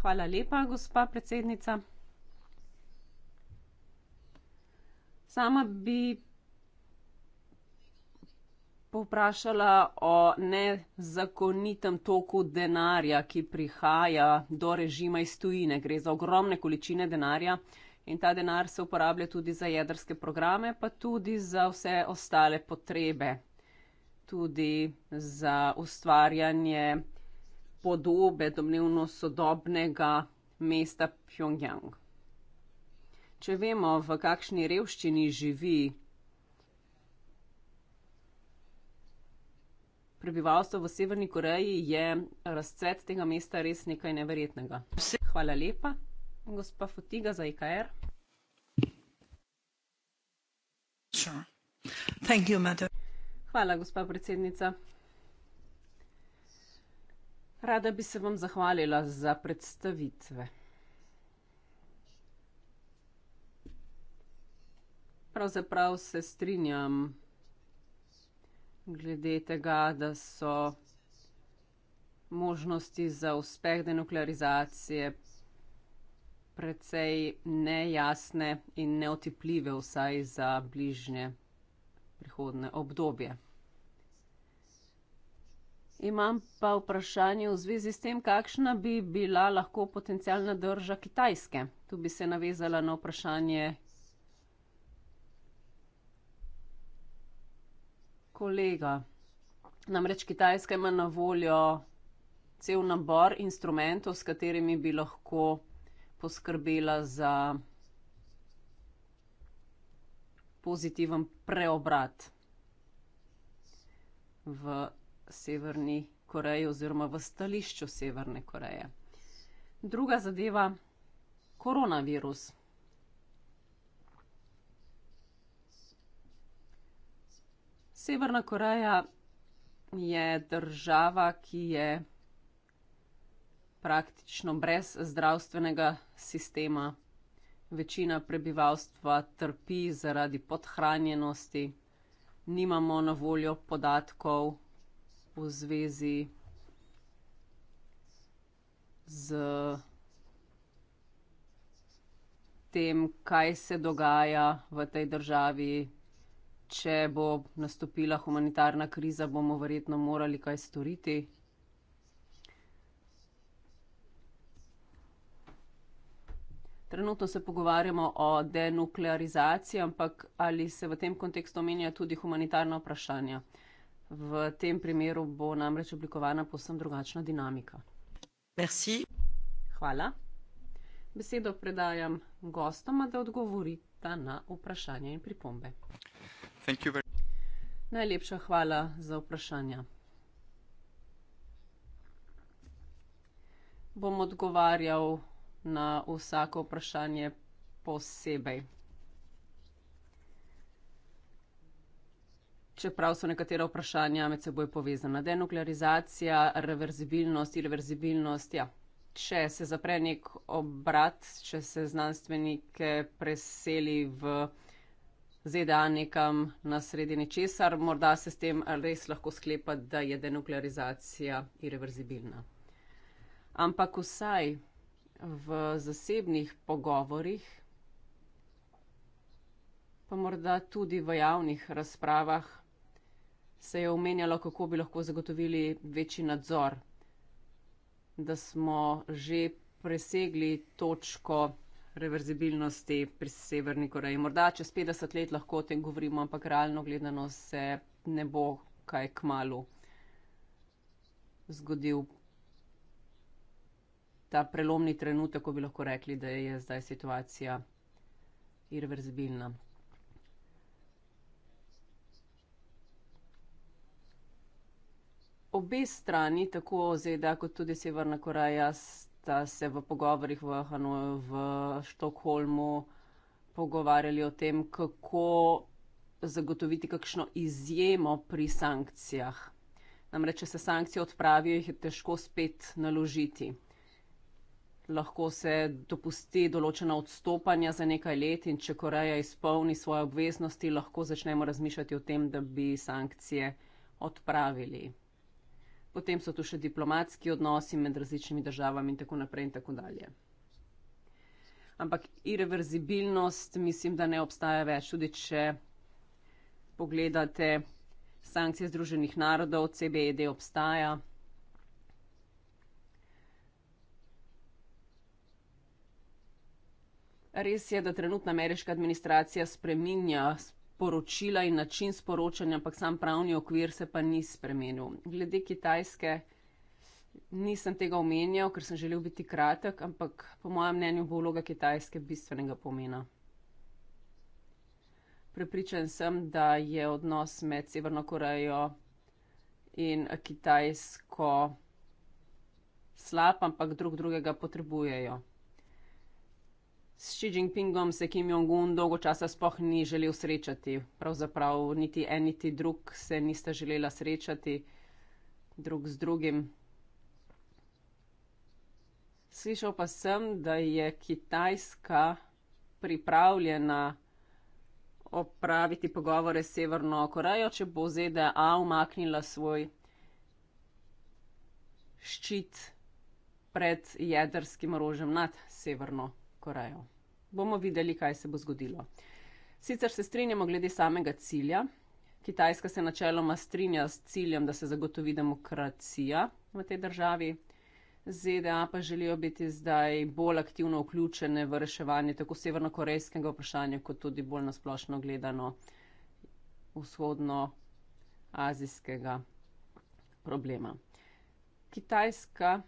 Hvala lepa, gospa predsednica. Sama bi povprašala o nezakonitem toku denarja, ki prihaja do režima iz tujine. Gre za ogromne količine denarja in ta denar se uporablja tudi za jedrske programe, pa tudi za vse ostale potrebe, tudi za ustvarjanje podobe domnevno sodobnega mesta Pyongyang. Če vemo, v kakšni revščini živi prebivalstvo v Severni Koreji, je razcvet tega mesta res nekaj neverjetnega. Hvala lepa. Gospa Fotiga za IKR. Hvala, gospa predsednica. Rada bi se vam zahvalila za predstavitve. Pravzaprav se strinjam glede tega, da so možnosti za uspeh denuklearizacije precej nejasne in neotipljive, vsaj za bližnje prihodne obdobje. Imam pa vprašanje v zvezi s tem, kakšna bi bila lahko potencijalna drža Kitajske. Tu bi se navezala na vprašanje kolega. Namreč Kitajska ima na voljo cel nabor instrumentov, s katerimi bi lahko poskrbela za pozitiven preobrat v Severni Koreji oziroma v stališču Severne Koreje. Druga zadeva, koronavirus. Severna Koreja je država, ki je praktično brez zdravstvenega sistema. Večina prebivalstva trpi zaradi podhranjenosti, nimamo na voljo podatkov v zvezi z tem, kaj se dogaja v tej državi. Če bo nastopila humanitarna kriza, bomo verjetno morali kaj storiti. Trenutno se pogovarjamo o denuklearizaciji, ampak ali se v tem kontekstu omenja tudi humanitarna vprašanja? V tem primeru bo namreč oblikovana posebno drugačna dinamika. Merci. Hvala. Besedo predajam gostoma, da odgovorita na vprašanje in pripombe. Very... Najlepša hvala za vprašanja. Bom odgovarjal na vsako vprašanje posebej. Čeprav so nekatera vprašanja med seboj povezana. Denuklearizacija, reverzibilnost, irreverzibilnost, ja. Če se zapre nek obrat, če se znanstvenike preseli v ZDA nekam na sredi ničesar, morda se s tem res lahko sklepa, da je denuklearizacija irreverzibilna. Ampak vsaj v zasebnih pogovorih, pa morda tudi v javnih razpravah, se je omenjalo, kako bi lahko zagotovili večji nadzor, da smo že presegli točko reverzibilnosti pri Severni Koreji. Morda čez 50 let lahko o tem govorimo, ampak realno gledano se ne bo kaj k malu zgodil ta prelomni trenutek, ko bi lahko rekli, da je zdaj situacija irreverzibilna. Obe strani, tako ZDA kot tudi Severna Koreja, sta se v pogovorjih v Hanoju, v Štokholmu pogovarjali o tem, kako zagotoviti kakšno izjemo pri sankcijah. Namreč, če se sankcije odpravijo, jih je težko spet naložiti lahko se dopusti določena odstopanja za nekaj let in če Koreja izpolni svoje obveznosti, lahko začnemo razmišljati o tem, da bi sankcije odpravili. Potem so tu še diplomatski odnosi med različnimi državami in tako naprej in tako dalje. Ampak irreverzibilnost mislim, da ne obstaja več. Tudi če pogledate sankcije Združenih narodov, CBED obstaja. Res je, da trenutna ameriška administracija spreminja poročila in način sporočanja, ampak sam pravni okvir se pa ni spremenil. Glede Kitajske nisem tega omenjal, ker sem želel biti kratek, ampak po mojem mnenju bo vloga Kitajske bistvenega pomena. Prepričan sem, da je odnos med Severno Korejo in Kitajsko slab, ampak drug drugega potrebujejo s Xi Jinpingom se Kim Jong-un dolgo časa sploh ni želel srečati. Pravzaprav niti en, niti drug se nista želela srečati drug z drugim. Slišal pa sem, da je Kitajska pripravljena opraviti pogovore s Severno Korejo, če bo ZDA umaknila svoj ščit pred jedrskim orožjem nad Severno Korejo bomo videli, kaj se bo zgodilo. Sicer se strinjamo glede samega cilja. Kitajska se načeloma strinja s ciljem, da se zagotovi demokracija v tej državi. ZDA pa želijo biti zdaj bolj aktivno vključene v reševanje tako severno-korejskega vprašanja, kot tudi bolj nasplošno gledano vzhodno-azijskega problema. Kitajska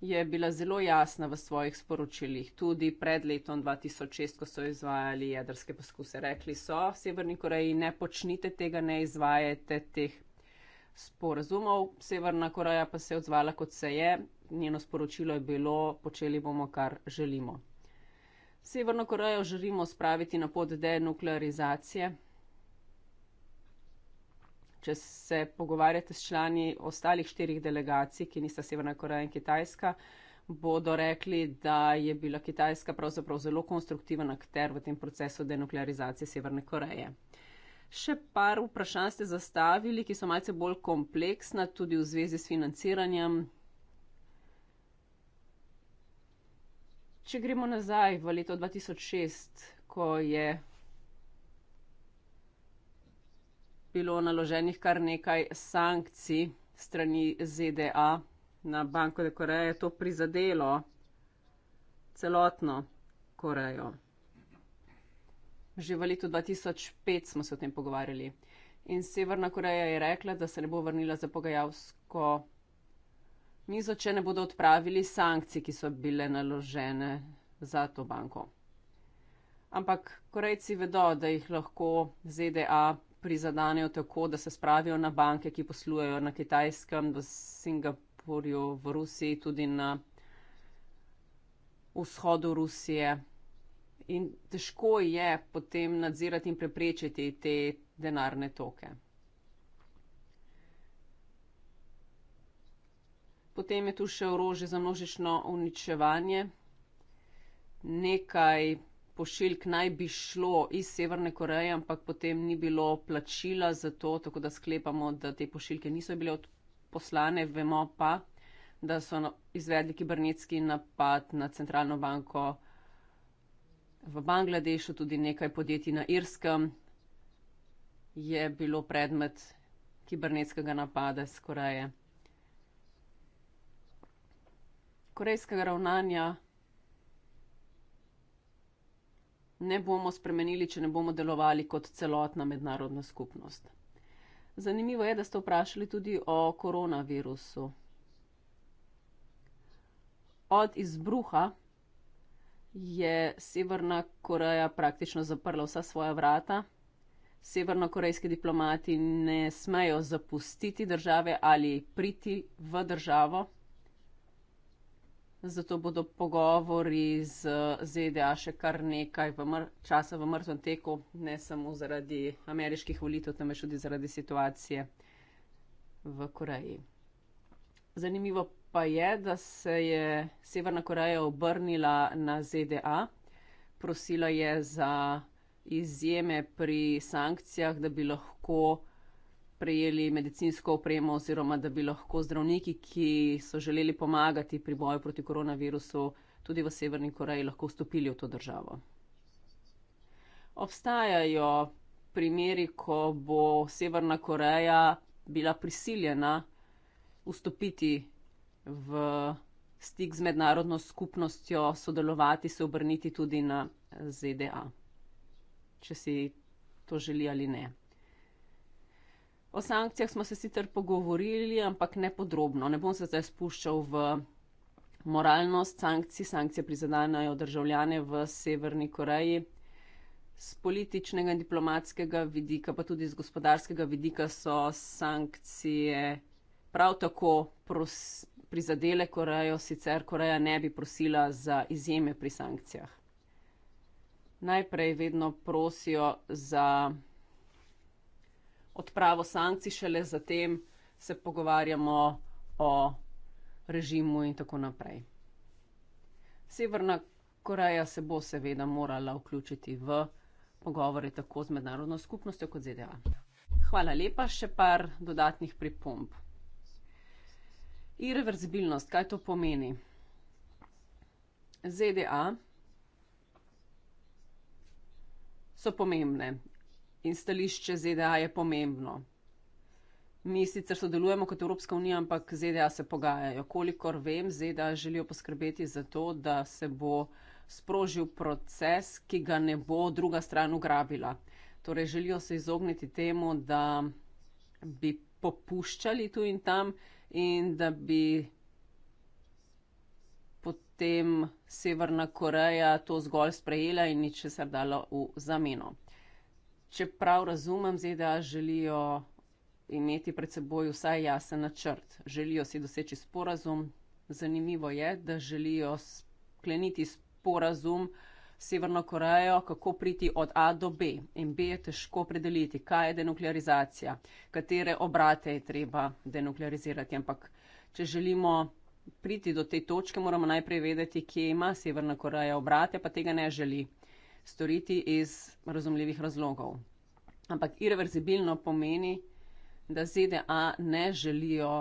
je bila zelo jasna v svojih sporočilih. Tudi pred letom 2006, ko so izvajali jedrske poskuse, rekli so Severni Koreji, ne počnite tega, ne izvajajte teh sporazumov. Severna Koreja pa se je odzvala, kot se je. Njeno sporočilo je bilo, počeli bomo, kar želimo. Severno Korejo želimo spraviti na pot denuklearizacije če se pogovarjate s člani ostalih štirih delegacij, ki nista Severna Koreja in Kitajska, bodo rekli, da je bila Kitajska pravzaprav zelo konstruktiven akter v tem procesu denuklearizacije Severne Koreje. Še par vprašanj ste zastavili, ki so malce bolj kompleksna, tudi v zvezi s financiranjem. Če gremo nazaj v leto 2006, ko je bilo naloženih kar nekaj sankcij strani ZDA na Banko de Koreje, je to prizadelo celotno Korejo. Že v letu 2005 smo se o tem pogovarjali. In Severna Koreja je rekla, da se ne bo vrnila za pogajalsko mizo, če ne bodo odpravili sankcij, ki so bile naložene za to banko. Ampak Korejci vedo, da jih lahko ZDA prizadanejo tako, da se spravijo na banke, ki poslujejo na Kitajskem, v Singapurju, v Rusiji, tudi na vzhodu Rusije. In težko je potem nadzirati in preprečiti te denarne toke. Potem je tu še orožje za množično uničevanje. Nekaj pošiljk naj bi šlo iz Severne Koreje, ampak potem ni bilo plačila za to, tako da sklepamo, da te pošiljke niso bile poslane. Vemo pa, da so izvedli kibernetski napad na centralno banko v Bangladešu, tudi nekaj podjetij na Irskem je bilo predmet kibernetskega napada skoraj. Korejskega ravnanja ne bomo spremenili, če ne bomo delovali kot celotna mednarodna skupnost. Zanimivo je, da ste vprašali tudi o koronavirusu. Od izbruha je Severna Koreja praktično zaprla vsa svoja vrata. Severnokorejski diplomati ne smejo zapustiti države ali priti v državo. Zato bodo pogovori z ZDA še kar nekaj v časa v mrtvem teku, ne samo zaradi ameriških volitev, temveč tudi zaradi situacije v Koreji. Zanimivo pa je, da se je Severna Koreja obrnila na ZDA, prosila je za izjeme pri sankcijah, da bi lahko prejeli medicinsko opremo oziroma da bi lahko zdravniki, ki so želeli pomagati pri boju proti koronavirusu, tudi v Severni Koreji lahko vstopili v to državo. Obstajajo primeri, ko bo Severna Koreja bila prisiljena vstopiti v stik z mednarodno skupnostjo, sodelovati, se obrniti tudi na ZDA, če si to želi ali ne. O sankcijah smo se sicer pogovorili, ampak ne podrobno. Ne bom se zdaj spuščal v moralnost sankcij. Sankcije prizadenejo državljane v Severni Koreji. Z političnega in diplomatskega vidika, pa tudi z gospodarskega vidika, so sankcije prav tako prizadele Korejo, sicer Koreja ne bi prosila za izjeme pri sankcijah. Najprej vedno prosijo za odpravo sankcij, šele zatem se pogovarjamo o režimu in tako naprej. Severna Koreja se bo seveda morala vključiti v pogovore tako z mednarodno skupnostjo kot ZDA. Hvala lepa, še par dodatnih pripomb. Irreverzibilnost, kaj to pomeni? ZDA so pomembne in stališče ZDA je pomembno. Mi sicer sodelujemo kot Evropska unija, ampak ZDA se pogajajo. Kolikor vem, ZDA želijo poskrbeti za to, da se bo sprožil proces, ki ga ne bo druga stran ugrabila. Torej želijo se izogniti temu, da bi popuščali tu in tam in da bi potem Severna Koreja to zgolj sprejela in ničesar dala v zameno če prav razumem, ZDA želijo imeti pred seboj vsaj jasen načrt. Želijo si doseči sporazum. Zanimivo je, da želijo skleniti sporazum s Severno Korejo, kako priti od A do B. In B je težko predeliti, kaj je denuklearizacija, katere obrate je treba denuklearizirati. Ampak, če želimo priti do te točke, moramo najprej vedeti, kje ima Severna Koreja obrate, pa tega ne želi storiti iz razumljivih razlogov. Ampak irreverzibilno pomeni, da ZDA ne želijo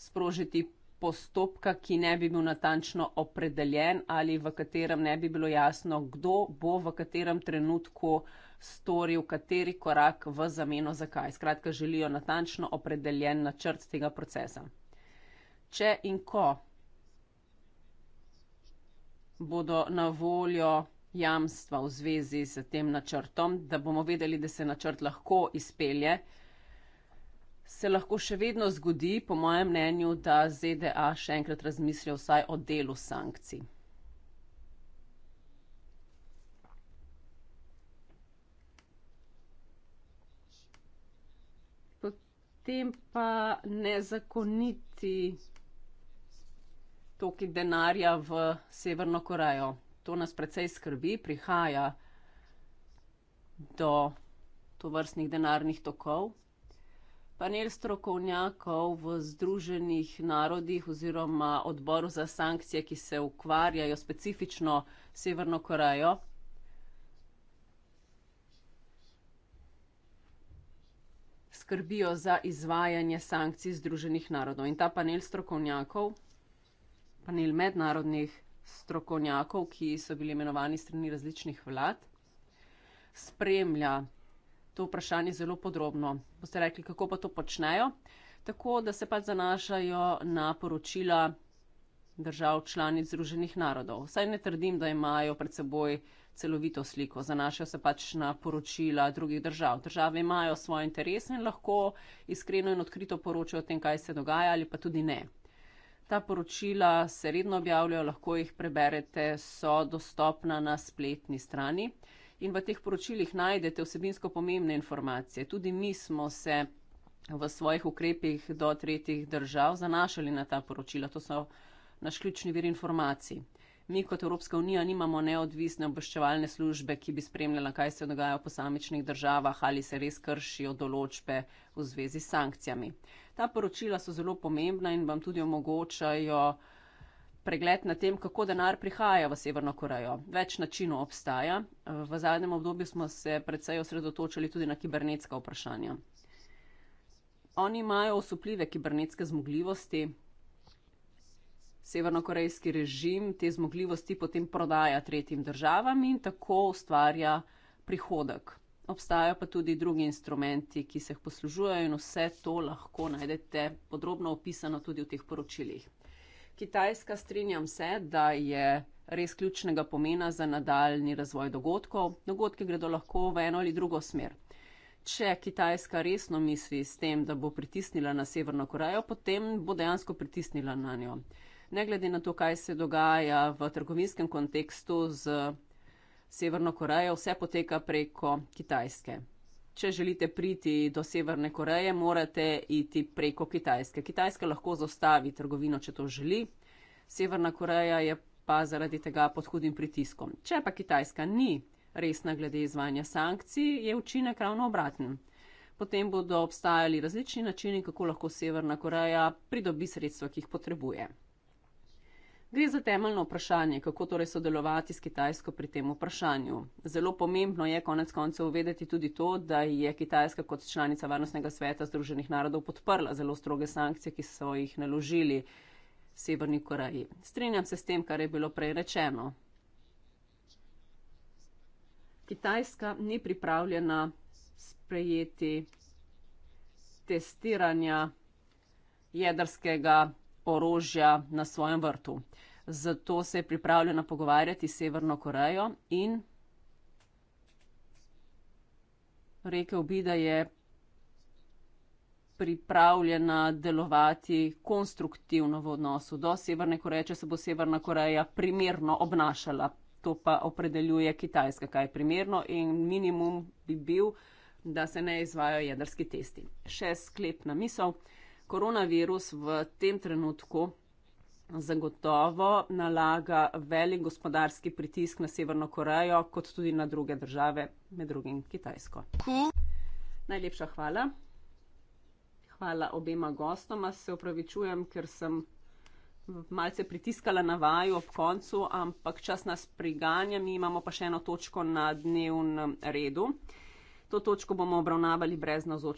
sprožiti postopka, ki ne bi bil natančno opredeljen ali v katerem ne bi bilo jasno, kdo bo v katerem trenutku storil kateri korak v zameno zakaj. Skratka, želijo natančno opredeljen načrt tega procesa. Če in ko bodo na voljo jamstva v zvezi s tem načrtom, da bomo vedeli, da se načrt lahko izpelje, se lahko še vedno zgodi, po mojem mnenju, da ZDA še enkrat razmislijo vsaj o delu sankcij. Potem pa nezakoniti toki denarja v Severno Korejo to nas precej skrbi, prihaja do tovrstnih denarnih tokov. Panel strokovnjakov v Združenih narodih oziroma odboru za sankcije, ki se ukvarjajo specifično s Severno Korejo, skrbijo za izvajanje sankcij Združenih narodov. In ta panel strokovnjakov, panel mednarodnih strokovnjakov, ki so bili imenovani strani različnih vlad, spremlja to vprašanje zelo podrobno. Boste rekli, kako pa to počnejo? Tako, da se pač zanašajo na poročila držav članic Združenih narodov. Saj ne trdim, da imajo pred seboj celovito sliko, zanašajo se pač na poročila drugih držav. Države imajo svoje interese in lahko iskreno in odkrito poročajo o tem, kaj se dogaja ali pa tudi ne. Ta poročila se redno objavljajo, lahko jih preberete, so dostopna na spletni strani in v teh poročilih najdete vsebinsko pomembne informacije. Tudi mi smo se v svojih ukrepih do tretjih držav zanašali na ta poročila. To so naš ključni vir informacij mi kot Evropska unija nimamo neodvisne obveščevalne službe, ki bi spremljala, kaj se dogaja v posamičnih državah ali se res kršijo določbe v zvezi s sankcijami. Ta poročila so zelo pomembna in vam tudi omogočajo pregled na tem, kako denar prihaja v Severno Korejo. Več načinov obstaja. V zadnjem obdobju smo se predvsej osredotočili tudi na kibernetska vprašanja. Oni imajo osupljive kibernetske zmogljivosti, severnokorejski režim te zmogljivosti potem prodaja tretjim državam in tako ustvarja prihodek. Obstajajo pa tudi drugi instrumenti, ki se jih poslužujejo in vse to lahko najdete podrobno opisano tudi v teh poročilih. Kitajska strinjam se, da je res ključnega pomena za nadaljni razvoj dogodkov. Dogodki gredo lahko v eno ali drugo smer. Če Kitajska resno misli s tem, da bo pritisnila na Severno Korejo, potem bo dejansko pritisnila na njo ne glede na to, kaj se dogaja v trgovinskem kontekstu z Severno Korejo, vse poteka preko Kitajske. Če želite priti do Severne Koreje, morate iti preko Kitajske. Kitajska lahko zastavi trgovino, če to želi. Severna Koreja je pa zaradi tega pod hudim pritiskom. Če pa Kitajska ni resna glede izvajanja sankcij, je učinek ravno obraten. Potem bodo obstajali različni načini, kako lahko Severna Koreja pridobi sredstva, ki jih potrebuje. Gre za temeljno vprašanje, kako torej sodelovati s Kitajsko pri tem vprašanju. Zelo pomembno je konec koncev uvedeti tudi to, da je Kitajska kot članica Varnostnega sveta Združenih narodov podprla zelo stroge sankcije, ki so jih naložili Severni Koreji. Strenjam se s tem, kar je bilo prej rečeno. Kitajska ni pripravljena sprejeti testiranja jedrskega orožja na svojem vrtu. Zato se je pripravljena pogovarjati s Severno Korejo in rekel bi, da je pripravljena delovati konstruktivno v odnosu do Severne Koreje, če se bo Severna Koreja primerno obnašala. To pa opredeljuje Kitajska, kaj je primerno in minimum bi bil, da se ne izvajo jedrski testi. Še sklepna misel koronavirus v tem trenutku zagotovo nalaga velik gospodarski pritisk na Severno Korejo, kot tudi na druge države, med drugim Kitajsko. Najlepša hvala. Hvala obema gostoma. Se upravičujem, ker sem malce pritiskala na vaju ob koncu, ampak čas nas priganja. Mi imamo pa še eno točko na dnevnem redu. To točko bomo obravnavali brez nazoč.